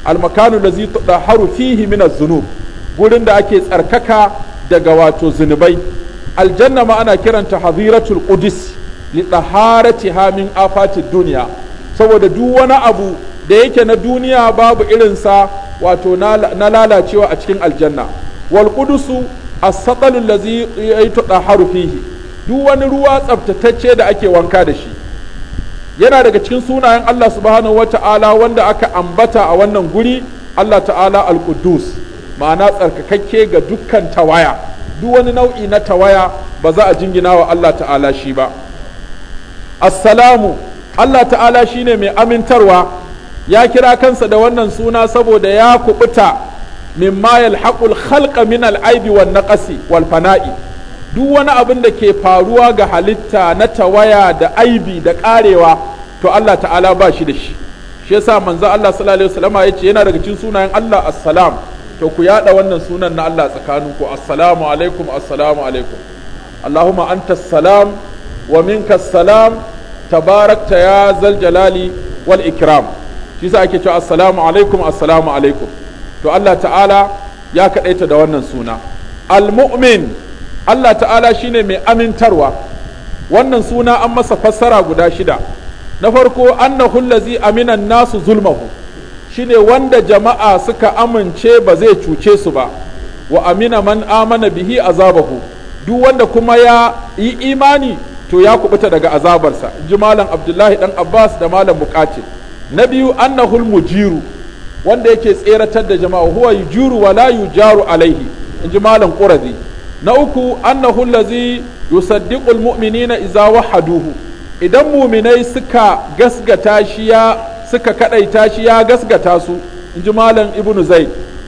S1: almakanu da zai haru fihi min zunub gurin da ake tsarkaka daga wato zunubai aljanna ma ana kiranta haziratul qudus li taharatiha min afati duniya saboda duk wani abu da yake na duniya babu irinsa wato na lalacewa a cikin aljanna wal qudusu as-saqalu allazi taharu fihi duk wani ruwa tsaftatacce da ake wanka da shi yana daga cikin sunayen Allah subhanahu wata'ala wanda aka ambata a wannan guri Allah ta'ala al ma'ana tsarkakakke ga dukkan tawaya duk wani nau'i na tawaya ba za a jingina wa Allah ta'ala shi ba assalamu Allah ta'ala shine mai amintarwa ya kira kansa da wannan suna saboda ya kubuta mimma haƙul khalqa min al'aibi wan naqasi wal fana'i duk wani abin da ke faruwa ga halitta na tawaya da aibi da karewa to Allah ta'ala ba shi da shi shi yasa manzo Allah sallallahu alaihi wasallam yace yana daga cikin sunayen Allah assalam to ku yada wannan sunan na Allah tsakaninku assalamu alaikum assalamu alaikum Allahumma anta assalam wa minka salam tabarakta ya zal jalali wal ikram shi sa ake cewa assalamu alaikum assalamu alaikum to Allah ta'ala ya kadaita da wannan suna al-mu'min Allah ta'ala shine mai amintarwa wannan suna an masa fassara guda shida na farko annahu allazi aminan nasu zulmahu shine wanda jama'a suka amince ba zai cuce su ba wa amina man amana bihi azabahu duk wanda kuma ya yi imani to ya kubuta daga azabarsa ji malam abdullahi dan abbas da malam bukati na biyu annahul mujiru wanda yake tseratar da jama'a huwa yujiru wala yujaru alaihi in ji malam qurazi na uku annahul ladhi yusaddiqu almu'minina idza wahaduhu idan mu'minai suka gasgata shi ya suka kadaita shi ya gasgata su in malam ibnu zaid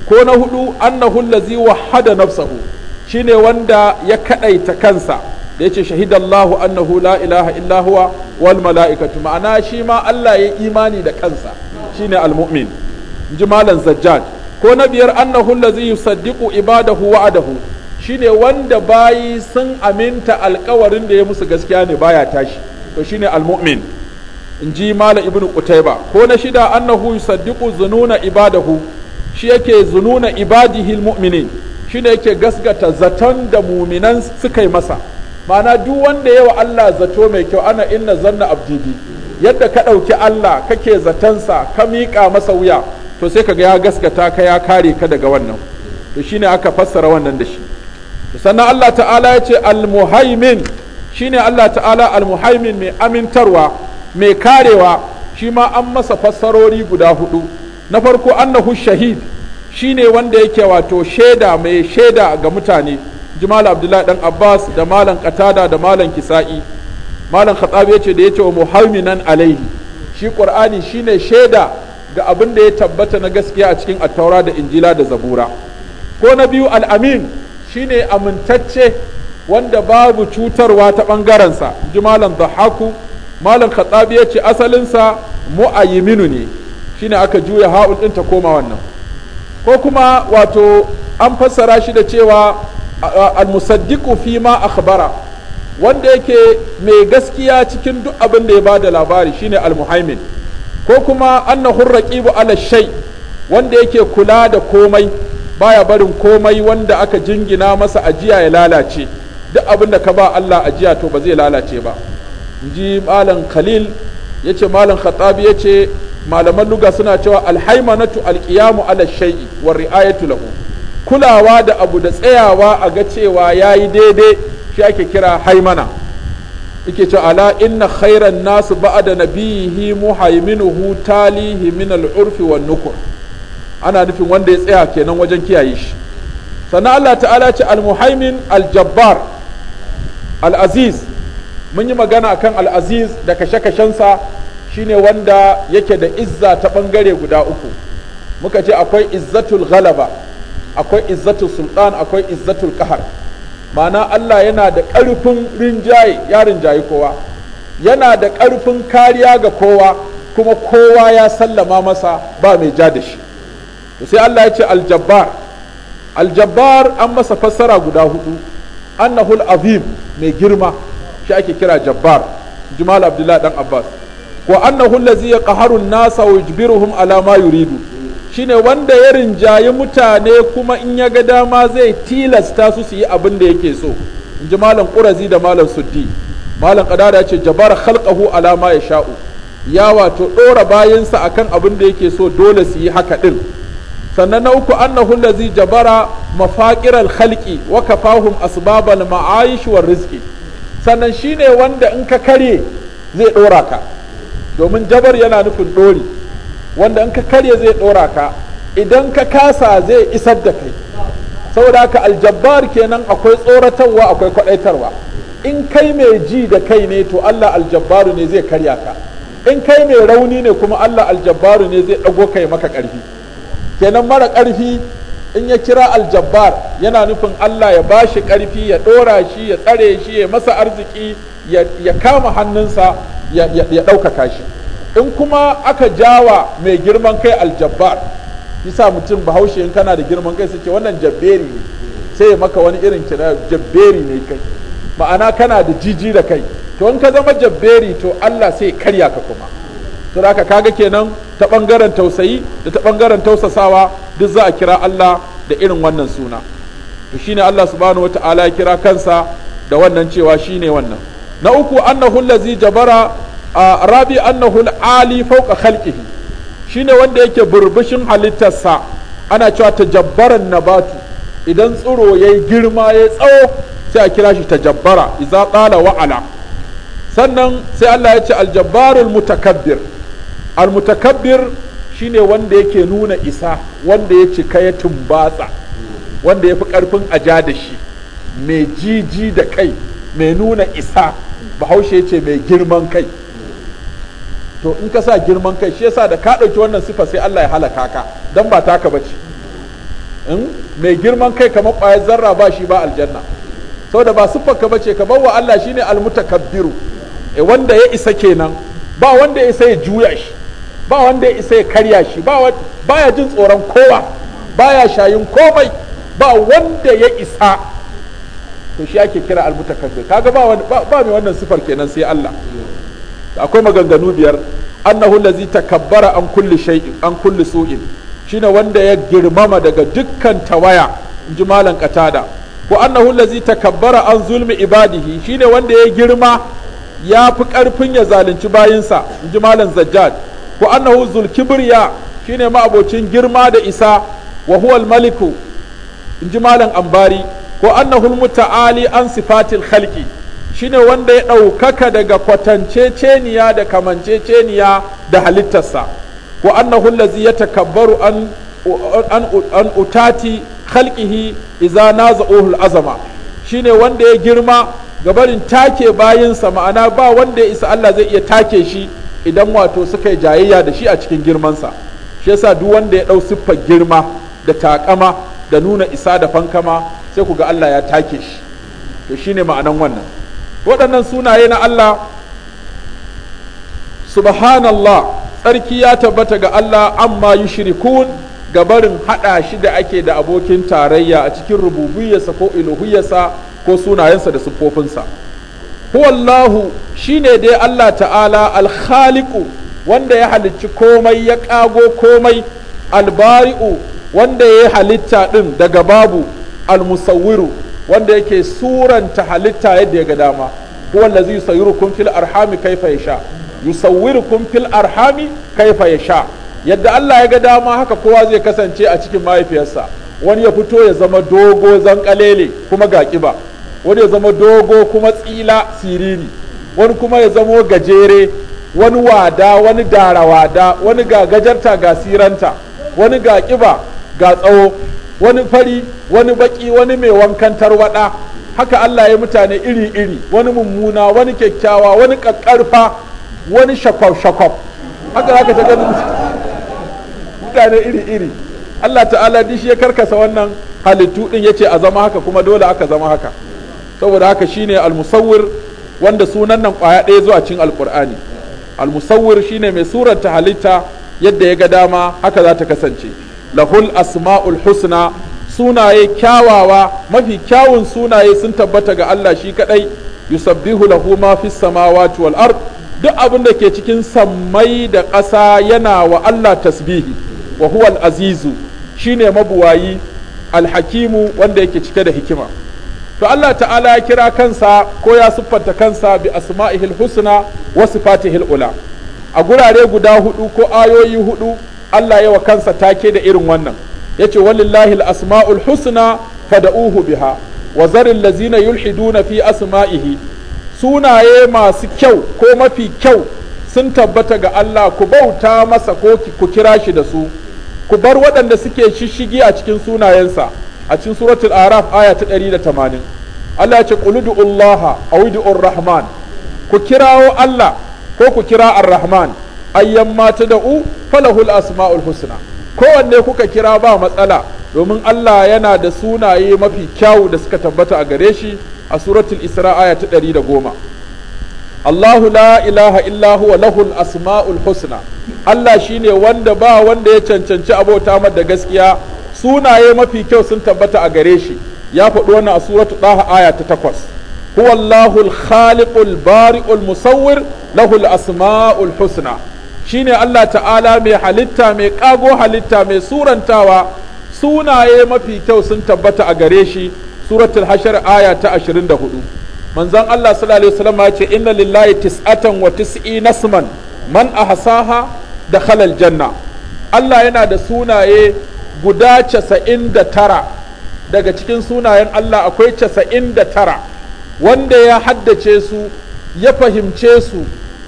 S1: ko na hudu annahul ladhi wahada nafsahu shine wanda ya kadaita kansa da yace shahidallahu annahu la ilaha illa huwa wal mala'ikatu ma'ana shi ma Allah ya imani da kansa shine almu'min inji malam zajjaj ko na biyar annahu allazi yusaddiqu ibadahu wa'adahu shine wanda bayi sun aminta alkawarin da ya musu gaskiya ne baya tashi to shine almu'min inji malam ibnu qutayba ko na shida annahu yusaddiqu zununa ibadahu shi yake zununa ibadihi almu'minin shine yake gaskata zaton da muminan suka yi masa ma'ana duk wanda yawa Allah zato mai kyau ana inna zanna abdibi yadda ka ɗauki Allah kake zatansa ka miƙa masa wuya to sai kaga ya gaskata ka ya kare ka daga wannan to shine aka fassara wannan da shi sannan Allah ta'ala ya ce almuhaimin shine Allah ta'ala almuhaimin mai amintarwa mai karewa shi ma an masa fassarori guda hudu na farko annahu shahid shine wanda yake wato shaida mai shaida ga mutane ji abdullahi dan abbas da malam katada da malam kisa'i malam khatabi yace da yace wa muhaiminan alaihi shi qur'ani shine shaida ga abin da ya tabbata na gaskiya a cikin attaura da injila da zabura ko na biyu al'amin shine amintacce wanda babu cutarwa ta ɓangarensa ji malam dhahaku malam khatabi yace asalinsa mu'ayyiminu ne shine aka juya ha'ul din ta koma wannan ko kuma wato an fassara shi da cewa almusaddiku musaddiqu fi ma akhbara wanda yake mai gaskiya cikin duk abin da ya ba da labari shine al ko kuma annahu raqibu ala shay wanda yake kula da komai baya barin komai wanda aka jingina masa ajiya ya lalace duk abin da ka ba Allah ajiya to ba zai lalace ba inji malam khalil yace malam khatabi yace malaman luga suna cewa alhaimanatu alqiyamu ala shay'i wa ri'ayatu lahu kulawa da abu da tsayawa a ga cewa ya yi daidai shi ake kira haimana yake ce ala inna khairan nasu ba'ada nabihi muhaiminuhu talihi min al'urfi wa nukur ana nufin wanda ya tsaya kenan wajen kiyaye shi sannan Allah ta'ala ce al-muhaimin al-jabbar mun yi magana akan al-aziz da kashe-kashensa shine wanda yake da izza ta bangare guda uku muka ce akwai izzatul ghalaba akwai izzatul sultan akwai izzatul kahar ma'ana Allah yana da ƙarfin rinjaye ya rinjaye kowa yana da ƙarfin kariya ga kowa kuma kowa ya sallama masa ba mai ja da shi sai Allah ya ce aljabbar aljabbar an masa fassara guda hudu annahul azim mai girma shi ake kira jabbar jimal abdullahi dan abbas wa annahu allazi yaqharu an-nasa wa yujbiruhum ala ma yuridu shine wanda ya rinjayi mutane kuma in ya ga dama zai tilasta su su yi abin da yake so in ji malam ƙurazi da malam suddi malam ƙadada ya ce jabar halkahu alama ya sha'u ya wato ɗora bayansa akan abin da yake so dole su yi haka ɗin sannan na uku an na jabara mafaƙirar halki wa kafahum asbabal ma'ayish sannan shine wanda in ka kare zai ɗora ka domin jabar yana nufin ɗori wanda in ka karya zai ɗora ka idan ka kasa zai isar da kai saboda haka aljabbar kenan akwai tsoratarwa akwai kwaɗaitarwa in kai mai ji da kai ne to allah aljabbaru ne zai karya ka in kai mai rauni ne kuma allah aljabbaru ne zai ɗago kai maka karfi kenan mara karfi in ya kira aljabbar yana nufin allah ya bashi ƙarfi ya ɗora shi ya tsare shi ya masa arziki ya kama hannunsa ya ɗaukaka shi in kuma aka jawa mai girman kai aljabbar yasa mutum bahaushe in kana da girman kai sai ce wannan jabberi ne sai maka wani irin kira jabberi ne kai ma'ana kana da jiji da kai to in ka zama jabberi to Allah sai karya ka kuma to haka kaga kenan ta bangaren tausayi da ta bangaren tausasawa duk za a kira Allah da irin wannan suna to shine Allah subhanahu wata'ala ya kira kansa da wannan cewa shine wannan na uku annahu allazi jabara rabi annahu al-ali khalqihi shine wanda yake burbushin halittarsa ana cewa tajabbaran nabatu idan tsiro yayi girma yayi tsawo sai a kira shi tajabbara idza qala wa ala sannan sai Allah ya ce al mutakabbir almutakabbir shine wanda yake nuna isa wanda ya cika ya tumbatsa wanda ya fi karfin aja da shi mai jiji da kai mai nuna isa bahaushe ce mai girman kai to in ka sa girman kai shi yasa da ka ɗauki wannan sifa sai Allah ya halaka ka dan ba taka bace in hmm? mai girman kai kamar ƙwayar zarra ba shi ba aljanna saboda ba siffar ka bace ka bawa Allah shine almutakabbiru e wanda ya isa kenan ba wanda ya isa ya juya shi ba wanda ya isa ya karya shi ba baya jin tsoron kowa baya shayin komai ba wanda ya isa to shi ake kira almutakabbir kaga ba ba mai wannan sifar kenan sai Allah akwai maganganu biyar annahu allazi takabbara an kulli shay'in an kulli su'in shine wanda ya girmama daga dukkan tawaya inji malam qatada wa annahu allazi takabbara an zulmi ibadihi shine wanda ya girma ya fi karfin ya zalunci bayinsa inji malam zajjad wa annahu zul kibriya shine ma'abocin girma da isa wa huwa al maliku inji malam ambari ko annahu al muta'ali an sifatil khalqi shine wanda ya ɗaukaka daga kwatanceceniya da kamanceceniya da halittarsa wa annahu allazi yatakabbaru an an an utati khalqihi idza naza'uhu azama shine wanda ya girma gabarin take bayansa ma'ana ba wanda ya isa Allah zai iya take shi idan wato suka yi jayayya da shi a cikin girmansa shi yasa duk wanda ya ɗau siffar girma da takama da nuna isa da fankama sai ku ga Allah ya take shi to shine ma'anan wannan waɗannan sunaye na Allah subhanallah tsarki ya tabbata ga Allah amma yi ga barin haɗa shi da ake da abokin tarayya a cikin rububiyarsa ko iluhiyarsa ko sunayensa da siffofinsa huwallahu ne dai Allah ta'ala alhaliku wanda ya halicci komai ya ƙago komai albari'u wanda ya halitta ɗin daga babu almusawwiru wanda yake suranta halitta yadda ya ga dama huwa allazi yusawwirukum fil arhami kayfa yasha yusawwirukum fil arhami kayfa yasha yadda Allah ya ga dama haka kowa zai kasance a cikin mahaifiyarsa wani ya fito ya zama dogo zankalele kuma ga kiba wani ya zama dogo kuma tsila siriri wani kuma ya zamo gajere wani wada wani dara wada wani ga gajarta ga siranta wani ga kiba ga tsawo wani fari wani baki wani mai wankan tarwada haka Allah ya mutane iri-iri wani mummuna wani kyakkyawa wani kakkarfa wani shakwaf-shakwaf haka za ka ta gani mutane iri-iri Allah ta'ala shi ya karkasa wannan halittu din yace a zama haka kuma dole aka zama haka saboda haka shine al-musawwir wanda sunan nan kwaya ɗaya zuwa cin alkur'ani al-musawwir shine mai suranta halitta yadda ya ga dama haka za ta kasance lahul asma'ul husna sunaye kyawawa mafi kyawun sunaye sun tabbata ga Allah shi kadai yusabbihu lahu ma fis samawati wal ard duk abin da ke cikin sammai da ƙasa yana wa Allah tasbihi wa huwal azizu shine mabuwayi alhakimu wanda yake cike da hikima to Allah ta'ala ya kira kansa ko ya siffanta kansa bi asma'ihil husna wa sifatihil ula a gurare guda hudu ko ayoyi hudu Allah yawa kansa take da irin wannan yace walillahi al-asma'ul husna fada'uhu biha wa zaril lazina yulhiduna fi asma'ihi sunaye masu kyau ko mafi kyau sun tabbata ga Allah ku bauta masa ko ku kira shi da su ku bar waɗanda suke shishigi a cikin sunayensa a cikin suratul araf aya ta 180 Allah ya ce quludullaha awidur rahman ku kirawo Allah ko ku kira ar-rahman ayyan mata da u falahul asma'ul husna kowanne kuka kira ba matsala domin Allah yana da sunaye mafi kyawu da suka tabbata a gare shi a suratul isra aya ta goma. Allahu la ilaha illa huwa lahul asma'ul husna Allah shine wanda ba wanda ya cancanci abota mar da gaskiya sunaye mafi kyau sun tabbata a gare shi ya faɗi wannan a suratul daha aya ta 8 huwa Allahul khaliqul bari'ul musawwir lahul asma'ul husna Shi ne Allah ta'ala mai halitta mai ƙago halitta mai surantawa sunaye mafi kyau sun tabbata a gare shi suratul hashar aya ta 24 manzon Allah sallallahu alaihi wasallam ya ce inna lillahi tis'atan wa tis'ina isman man ahsaha dakhala aljanna Allah yana da sunaye guda casa'in da tara. daga cikin sunayen Allah akwai casa'in da tara. wanda ya haddace su ya fahimce su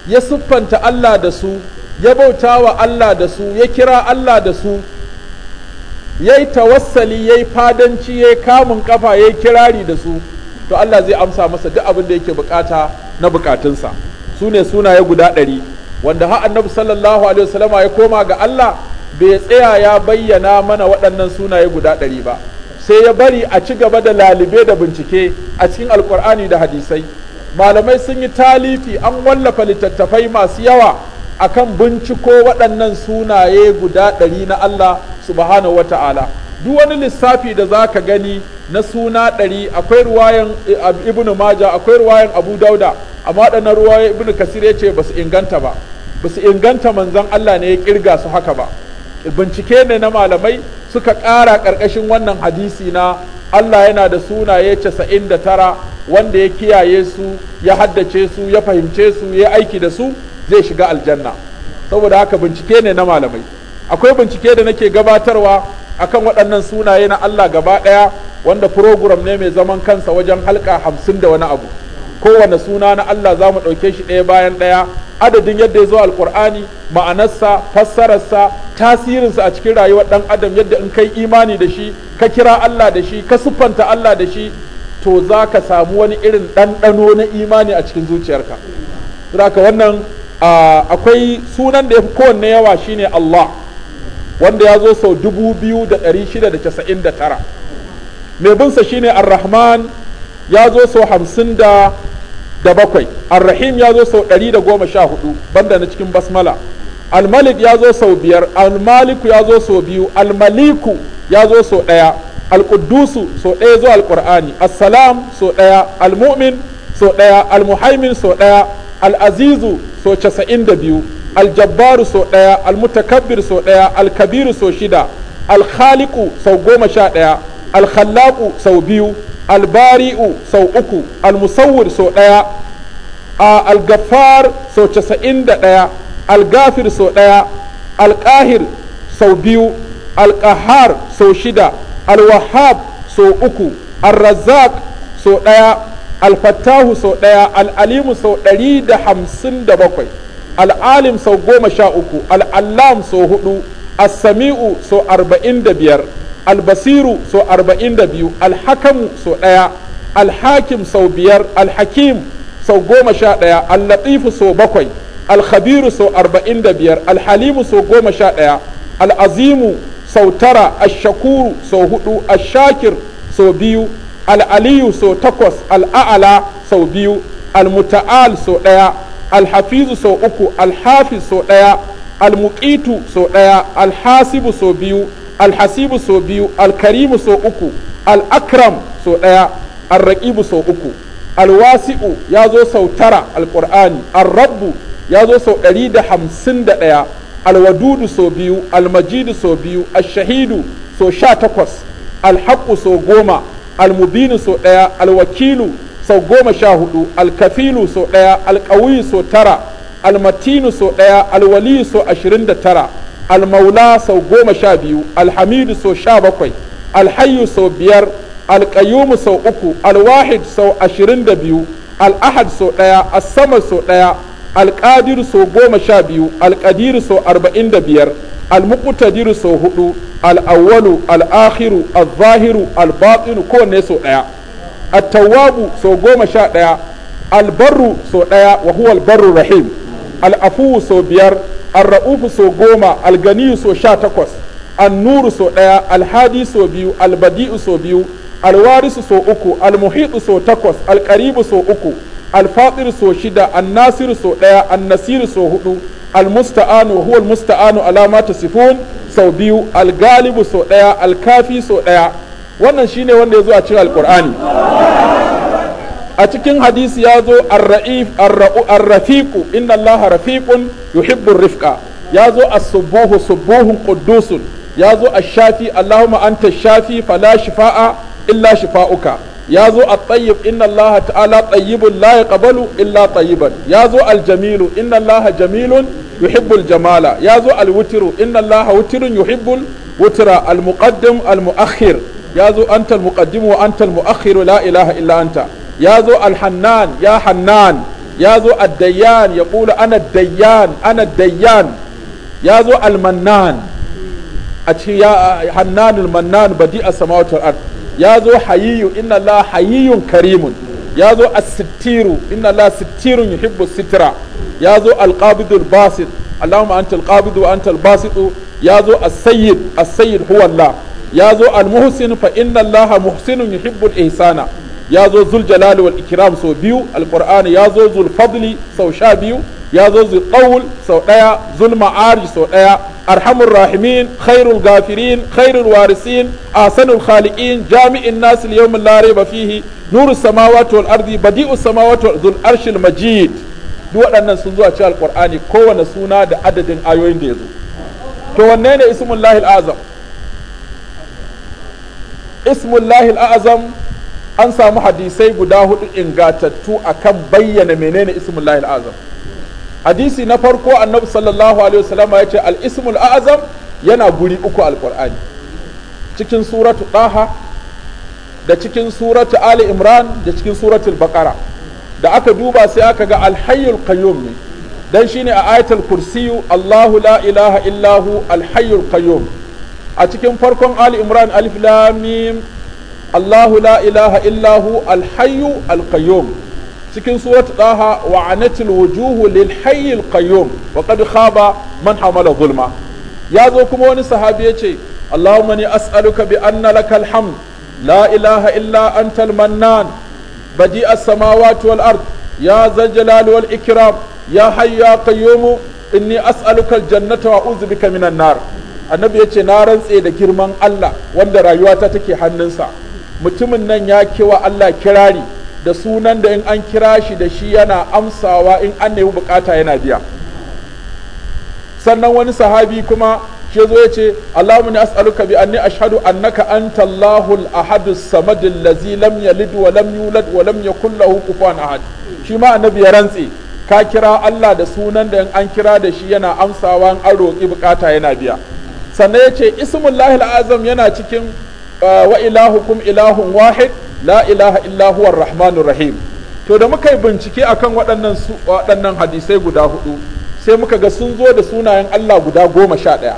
S1: ya siffanta Allah da su ya bauta wa Allah da su ya kira Allah da su ya yi tawassali ya yi fadanci ya yi kamun kafa ya yi kirari da su to Allah zai amsa masa duk abin da yake bukata na bukatunsa su ne sunaye guda ɗari wanda har annabi sallallahu alaihi wasallama ya koma ga Allah bai tsaya ya bayyana mana waɗannan sunaye guda ɗari ba sai ya bari a ci gaba da lalibe da bincike a cikin alkur'ani da hadisai malamai sun yi talifi an wallafa littattafai masu yawa akan binciko waɗannan sunaye guda ɗari na Allah subhanahu wa ta'ala duk wani lissafi da za ka gani na suna ɗari akwai ruwayan eh, ibn maja akwai ruwayan abu dauda amma waɗannan ruwayan ibn kasir ya ce ba su inganta ba ba su inganta manzon Allah ne ya kirga su haka ba bincike ne na malamai suka ƙara ƙarƙashin wannan hadisi na Allah yana da sunaye casa'in da tara wanda ya kiyaye su ya haddace su ya fahimce su ya aiki da su zai shiga aljanna saboda haka bincike ne na malamai akwai bincike da nake gabatarwa akan waɗannan sunaye na Allah gaba ɗaya wanda program ne mai zaman kansa wajen halka hamsin da wani abu kowane suna na Allah za mu ɗauke shi ɗaya bayan ɗaya adadin yadda ya zo alƙur'ani ma'anarsa fassararsa tasirinsa a cikin rayuwar ɗan adam yadda in kai imani da shi ka kira Allah da shi ka siffanta Allah da shi to za ka samu wani irin ɗanɗano na imani a cikin zuciyarka. wannan akwai sunan da ya fi kowanne yawa shine Allah wanda ya zo sau dubu biyu da ɗari shida da casa'in da tara mai binsa shine ar-rahman ya zo sau hamsin da da bakwai ar-rahim ya zo sau ɗari da goma sha hudu banda na cikin basmala al-malik ya zo sau biyar al-maliku ya zo sau biyu al-maliku ya zo sau ɗaya al sau ɗaya zuwa al-qur'ani as-salam sau ɗaya al-mu'min sau ɗaya al-muhaimin sau ɗaya al-azizu so casa'in da biyu aljabbaru so ɗaya almutakabbir so ɗaya alkabiru so shida alkhaliku sau goma sha ɗaya alkhallaku sau biyu albari'u sau uku almusawwir so ɗaya a algafar so casa'in da ɗaya algafir so ɗaya alƙahir sau biyu alƙahar sau shida alwahab so uku alrazak so ɗaya alfattahu sau ɗaya al'alimu sau ɗari da hamsin da bakwai al'alim sau goma sha uku al'allam sau hudu as-sami'u sau arba'in da biyar albasiru sau arba'in da biyu alhakamu sau ɗaya alhakim sau biyar alhakim sau goma sha ɗaya allatifu sau bakwai alkhabiru sau arba'in da biyar alhalimu sau goma sha ɗaya al'azimu sau tara ashakuru sau hudu ashakir sau biyu al'aliyu sau takwas al'a'ala sau biyu al-muta'al sau ɗaya al-hafizu sau uku al-hafiz sau ɗaya al muƙitu sau ɗaya al-hasibu sau biyu al-hasibu sau biyu al-karimu sau uku al-akram sau ɗaya al-raqibu sau uku al-wasi'u ya zo sau tara al ƙurani al-rabbu ya zo sau ɗari da hamsin da ɗaya Al-Wadudu sau biyu Al-Majidu sau biyu Al-Shahidu sau sha takwas al alhaƙu sau goma almubinu sau ɗaya alwakilu sau goma sha hudu alkafilu sau ɗaya alkawiyu sau tara almatinu sau ɗaya alwaliyu sau ashirin da tara almaula sau goma sha biyu alhamidu sau sha bakwai alhayu sau biyar alkayumu sau uku alwahid sau ashirin da biyu al'ahad sau ɗaya assamad sau ɗaya alƙadir so goma sha biyu alƙadir so arba'in da biyar almuƙutadiru so hudu al'awwalu al'akhiru al-zahiru al-batinu so ɗaya attawabu so goma sha ɗaya albarru so ɗaya wa huwa albarru rahim al'afuwu so biyar arra'ufu so goma alganiyu so sha takwas annuru so ɗaya alhadi so biyu albadi'u so biyu alwarisu so uku almuhiɗu so takwas alƙaribu so uku alfatir sau shida annasir sau ɗaya annasir so hudu almusta'anu huwa almusta'anu alama ta sifun sau biyu algalibu sau ɗaya alkafi sau ɗaya wannan shine wanda ya zo a cikin alkur'ani a cikin hadisi ya zo arra'if arrafiqu inna allaha rafiqun ya zo a subuhu subuhun ƙuddusun ya zo a shafi allahumma anta shafi fala shifaa illa shifauka ya zo a tsayib inna allaha ta'ala tsayibun la ya qabalu illa tsayiban ya zo aljamilu inna allaha jamilun yuhibbul jamala ya zo alwutiru inna allaha wutirun yuhibbul wutira almuqaddim almuakhir ya zo anta almuqaddimu wa anta almuakhir la ilaha illa anta ya zo alhannan ya hannan ya zo addayyan ya qulu ana dayyan ana dayyan ya zo almannan a cikin hannanul mannan badi a samawati wal ard ya zo hayiyu inna la hayiyun karimun ya zo as-sittiru inna la sittirun yuhibbu sitira ya zo al-qabidul basit allahumma anta al-qabid wa anta al-basit ya zo as-sayyid huwa allah ya zo al fa inna allaha muhsinun yuhibbu ihsana ya zo zul jalali wal ikram sau biyu al ya zo zul fadli sau sha biyu ya zo zu sau ɗaya zul ma'arij sau ɗaya arhamur rahimin khairul gafirin khairul warisin asanul khaliqin jami'in nas al yawm la rayba fihi nurus samawati wal ardi badi'us samawati wal dhul arshil majid duk waɗannan sun zo a cikin alqur'ani kowane suna da adadin ayoyin da ya zo to wanne ne ismullahi lahil azam azam an samu hadisai guda hudu ingatattu akan bayyana menene ismullahi lahil azam hadisi na farko annabi sallallahu alaihi wasallam ya ce al-ismul azam yana guri uku alqur'ani cikin suratu ɗaha da cikin suratu ali imran da cikin suratul baqara da aka duba sai aka ga alhayyul qayyum ne dan shine a ayatul kursiyu Allahu la ilaha al-hayyul qayyum a cikin farkon ali imran alif lam mim Allahu la ilaha illahu alhayyu alqayyum cikin suratu daha wa anatil wujuhu lil hayyil qayyum wa qad khaba man hamala zulma ya zo kuma wani sahabi yace Allahumma ni as'aluka bi anna lakal hamd la ilaha illa antal mannan badi as-samawati wal ard ya zal jalal wal ikram ya hayyu ya qayyum inni as'aluka al jannata wa a'udhu bika minan nar annabi yace na rantse da girman Allah wanda rayuwata take hannunsa mutumin nan ya kewa Allah kirari da sunan da in an kira shi da shi yana amsawa in an nemi bukata yana biya sannan wani sahabi kuma shi zo ya ce Allahumma ni as'aluka bi anni ashhadu annaka anta Allahul ahadu samad allazi lam yalid wa lam yulad wa lam yakul lahu kufuwan ahad shi ma annabi ya rantsi ka kira Allah da sunan da in an kira da shi yana amsawa in an roki bukata yana biya sannan ya ce ismullahi azam yana cikin uh, wa ilahukum ilahun wahid la ilaha illa huwa rahmanur rahim to da muka yi bincike akan waɗannan waɗannan hadisai guda hudu sai muka ga sun zo da sunayen Allah guda goma sha ɗaya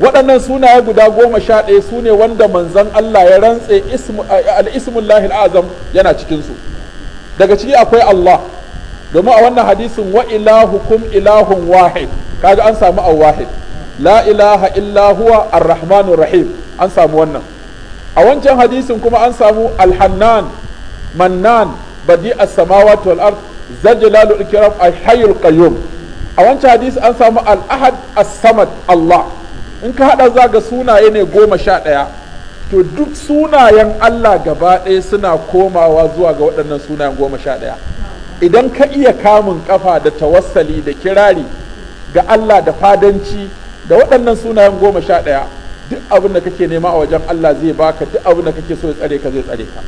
S1: waɗannan sunaye guda goma sha ɗaya su ne wanda manzan Allah ya rantse lahil azam yana cikinsu daga ciki akwai Allah domin a wannan hadisin wa ilahukum ilahun wahid kaga an samu a wahid la ilaha illa huwa ar rahim an samu wannan a wancan hadisin kuma an samu alhannan mannan badi a samawa wal ard zajlalu al-kiram a kayyum. a wancan hadisi an samu al'ahad, ahad samad Allah in ka hada za ga sunaye ne goma sha ɗaya to duk sunayen Allah gaba ɗaya suna komawa zuwa ga waɗannan sunayen goma sha ɗaya idan ka iya kamun kafa da tawassali da kirari ga Allah da fadanci da waɗannan sunayen goma sha ɗaya duk abin da kake nema a wajen Allah zai baka duk abin da kake so ya tsare ka zai tsare ka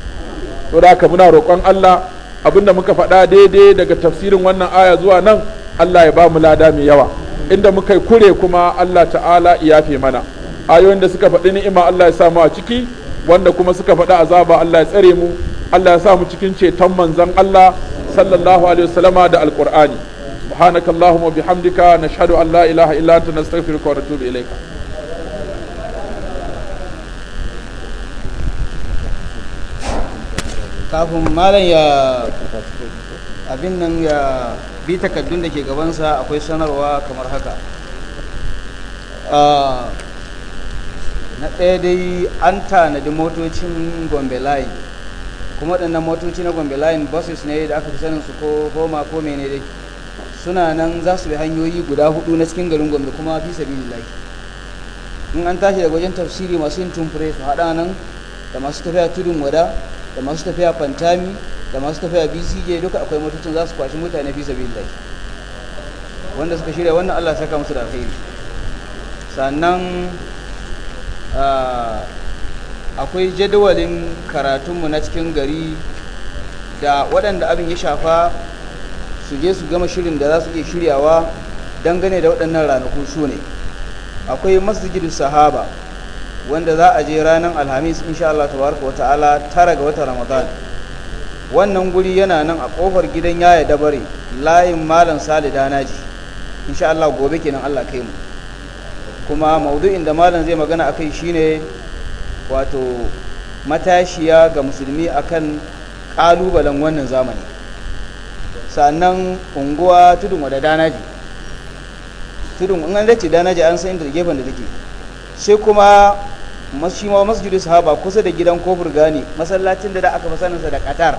S1: to da haka muna roƙon Allah abin da muka faɗa daidai daga tafsirin wannan aya zuwa nan Allah ya ba mu lada mai yawa inda muka yi kure kuma Allah ta'ala ya fi mana ayoyin da suka faɗi ni'ima Allah ya sa mu a ciki wanda kuma suka faɗi azaba Allah ya tsare mu Allah ya sa mu cikin ceton manzon Allah sallallahu alaihi wasallama da alqur'ani subhanakallahumma bihamdika nashhadu an la ilaha illa anta nastaghfiruka wa natubu ilayka kafin malam
S3: ya abin nan ya bi takaddun da ke gabansa akwai sanarwa kamar haka ah, na ɗaya dai an tanadi motocin gombe layin kuma waɗannan motoci na gombe layin buses ne da aka fi sanin su ko homa ko mene dai suna nan za su bi hanyoyi guda hudu na cikin garin gombe kuma fi sabilillahi in an tashi da wajen tafsiri masu yin tumfure su haɗa nan da masu tafiya tudun wada da masu tafiya fantami da masu tafiya bcj duka akwai motocin za su kwashi mutane fi sabi lai wanda suka shirya wannan allah saka musu da alkhairi sannan akwai jadawalin karatunmu na cikin gari da waɗanda abin ya shafa su je su gama shirin da za su iya shiryawa dangane da waɗannan ranakun su ne akwai masjidin sahaba wanda za a je ranar alhamis insha Allah tabaraka wa ta'ala tara ga wata ramadan wannan guri yana nan a kofar gidan yaya dabare layin malam sali danaji insha Allah gobe kenan Allah kai mu kuma maudu'in da malam zai magana akai shine wato matashiya ga musulmi akan kalubalen wannan zamani sannan unguwa tudun wada danaji tudun in an danaji an san inda gefen da take sai kuma shi ma masjidu sahaba kusa da gidan kofur gani masallacin da da aka fasaninsa da qatar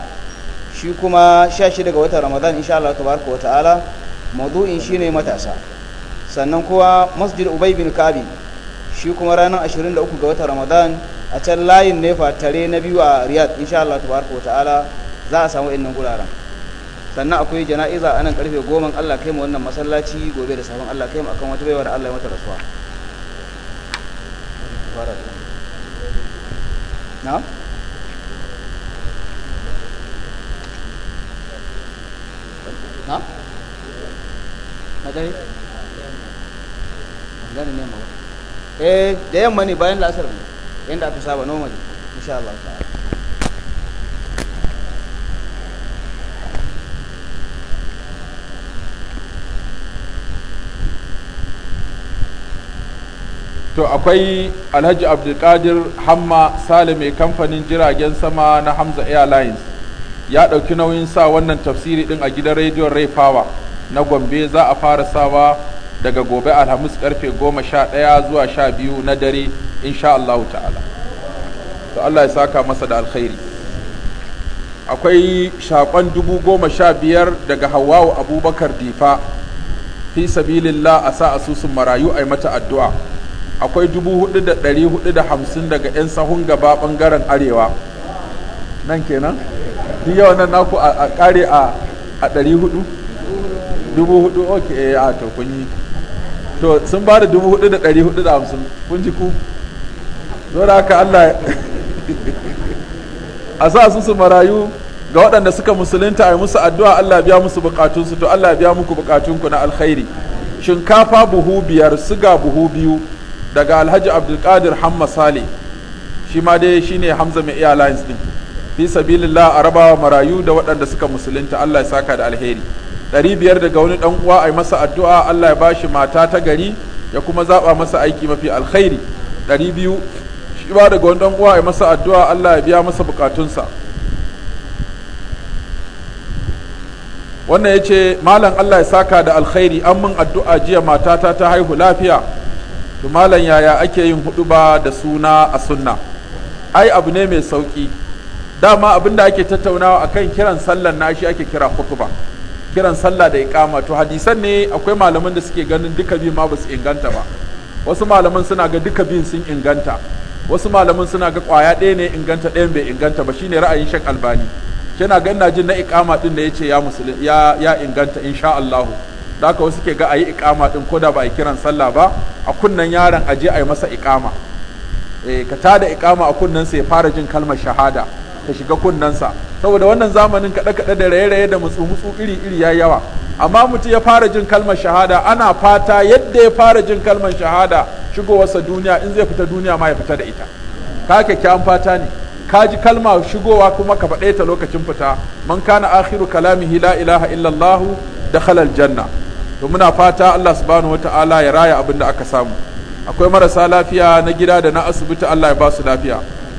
S3: shi kuma sha shi daga watan ramadan insha Allah tabaraka wa ta'ala shi shine matasa sannan kuma masjid ubay bin kabi shi kuma ranar 23 ga watan ramadan a can layin nefa tare na biyu a riyadh insha Allah tabaraka wa ta'ala za a samu innan guraren sannan akwai jana'iza a nan karfe goma Allah kai mu wannan masallaci gobe da sabon Allah kai mu akan wata baiwa da Allah ya mata rasuwa fara da na na na dare gani ne mawa eh da yamma ne bayan la'asar ne yadda noma insha
S1: to akwai alhaji abdulkadir hamma sale mai kamfanin jiragen sama na hamza airlines ya ɗauki nauyin sa wannan tafsiri ɗin a gidan rediyon ray power na gombe za a fara sawa daga gobe alhamis karfe goma sha zuwa sha na dare insha allahu ta'ala to allah ya saka masa da alkhairi akwai shakon dubu goma sha biyar daga hawawu abubakar difa fi sabilillah a sa asusun marayu a yi mata addu'a akwai 4,450 daga 'yan sahun gaba bangaren arewa nan kenan duk yawan nan naku a kare a dubu hudu ok eh, a to kun yi to sun ba da 4,450 kun ji ku zo da haka allah a sa su su marayu ga waɗanda suka musulunta a yi musu addu'a allah biya musu bukatunsu to allah biya muku bukatunku na alkhairi shinkafa buhu biyar suga buhu biyu daga alhaji abdulkadir hamma sale shi ma dai shi ne hamza mai airlines din fi sabilillah a rabawa marayu da waɗanda suka musulunta allah ya saka da alheri ɗari biyar daga wani ɗan uwa a masa addu'a allah ya bashi mata ta gari ya kuma zaɓa masa aiki mafi alkhairi ɗari biyu shi ba daga wani ɗan uwa a masa addu'a allah ya biya masa bukatunsa wannan ya ce malam allah ya saka da alkhairi an min addu'a jiya matata ta haihu lafiya to malam yaya ake yin ba da suna a sunna ai abu ne mai sauki dama da ake tattaunawa akan kiran sallar shi ake kira hutuba kiran sallah da ikama to hadisan ne akwai malaman da suke ganin duka biyu ma ba su inganta ba wasu malaman suna ga duka biyun sun inganta wasu malaman suna ga kwaya ɗaya ne inganta ɗayan bai inganta ba shine ra'ayin shek albani yana ganin na jin na ikama din da yace ya ya ya inganta insha allahu. da haka wasu ke ga a yi ikama ɗin ko da ba a kiran sallah ba a kunnen yaron aje a yi masa ikama e, eh, ka tada ikama a sa ya fara jin kalmar shahada ta shiga kunnensa saboda wannan zamanin kaɗe kaɗe da raye-raye da mutsu-mutsu iri-iri ya yawa amma mutum ya fara jin kalmar shahada ana fata yadda ya fara jin kalmar shahada shigowarsa duniya in zai fita duniya ma ya fita da ita ka kyakkyawan fata ne ka ji kalma shigowa kuma ka faɗe ta lokacin fita man kana akhiru kalamihi la ilaha illallahu dakhala janna. to muna fata Allah subhanahu wataala ya raya abin da aka samu akwai marasa lafiya na gida da na asibiti Allah ya ba su lafiya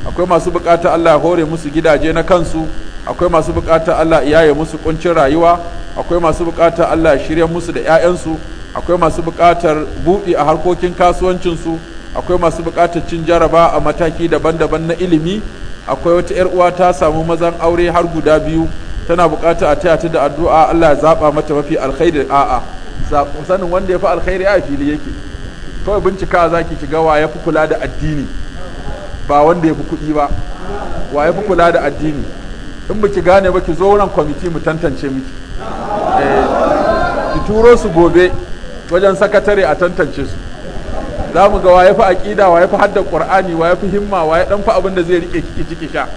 S1: akwai masu bukata Allah ya hore musu gidaje na kansu akwai masu bukata Allah ya yaye musu kuncin rayuwa akwai masu bukata Allah ya shirya musu da 'ya'yansu akwai masu bukatar buɗi a harkokin kasuwancin su akwai masu bukatar cin jaraba a mataki daban-daban na ilimi akwai wata 'yar uwa ta samu mazan aure har guda biyu tana bukata a taya ta da addu'a Allah ya zaba mata mafi alkhairi a'a sanin wanda ya fi alkhairi a fili yake kawai bincika za ki ga wa ya fi kula da addini ba wanda ya fi kuɗi ba wa ya fi kula da addini in ba ki gane ba ki zo nan kwamiti mu tantance miki eh, ki turo su gobe wajen sakatare a tantance su za mu ga wa ya fi aƙida wa ya fi haddar ƙur'ani wa ya fi himma wa ya ɗan fa abin da zai riƙe ciki ciki sha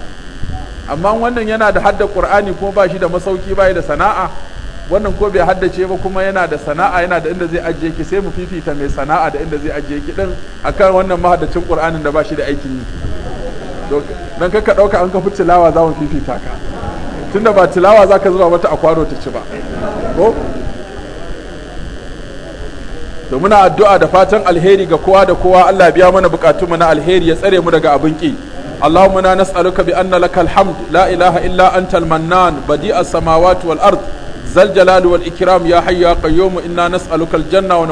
S1: amma wannan yana da haddar ƙur'ani kuma ba shi da masauki ba da sana'a wannan ko bai haddace ba kuma yana da sana'a yana da inda zai ajiye ki sai mu fifita mai sana'a da inda zai ajiye ki din akan wannan mahaddacin qur'anin da bashi da aikin yi dan ka dauka an ka fi tilawa za mu fifita ka tunda ba tilawa za ka zuba mata a kwano ta ci ba ko to muna addu'a da fatan alheri ga kowa da kowa Allah biya mana mu na alheri ya tsare mu daga abin ki اللهم انا نسالك بان لك الحمد لا اله الا انت المنان بديع السماوات والارض zal jalal wal ikram ya hayy ya qayyum inna nas'aluka al janna wa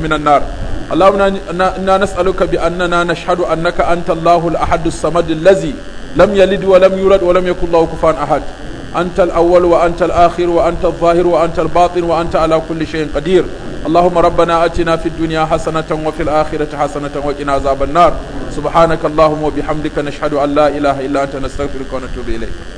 S1: minan nar allahumma inna nas'aluka bi annana nashhadu annaka anta allahul ahad as samad allazi lam yalid wa lam yulad wa lam yakul lahu kufuwan ahad anta al awwal wa anta al akhir wa anta zahir wa anta al wa anta ala kulli shay'in qadir اللهم ربنا اتنا في الدنيا حسنة وفي الآخرة حسنة وقنا عذاب النار سبحانك اللهم وبحمدك نشهد أن لا إله إلا أنت نستغفرك ونتوب إليك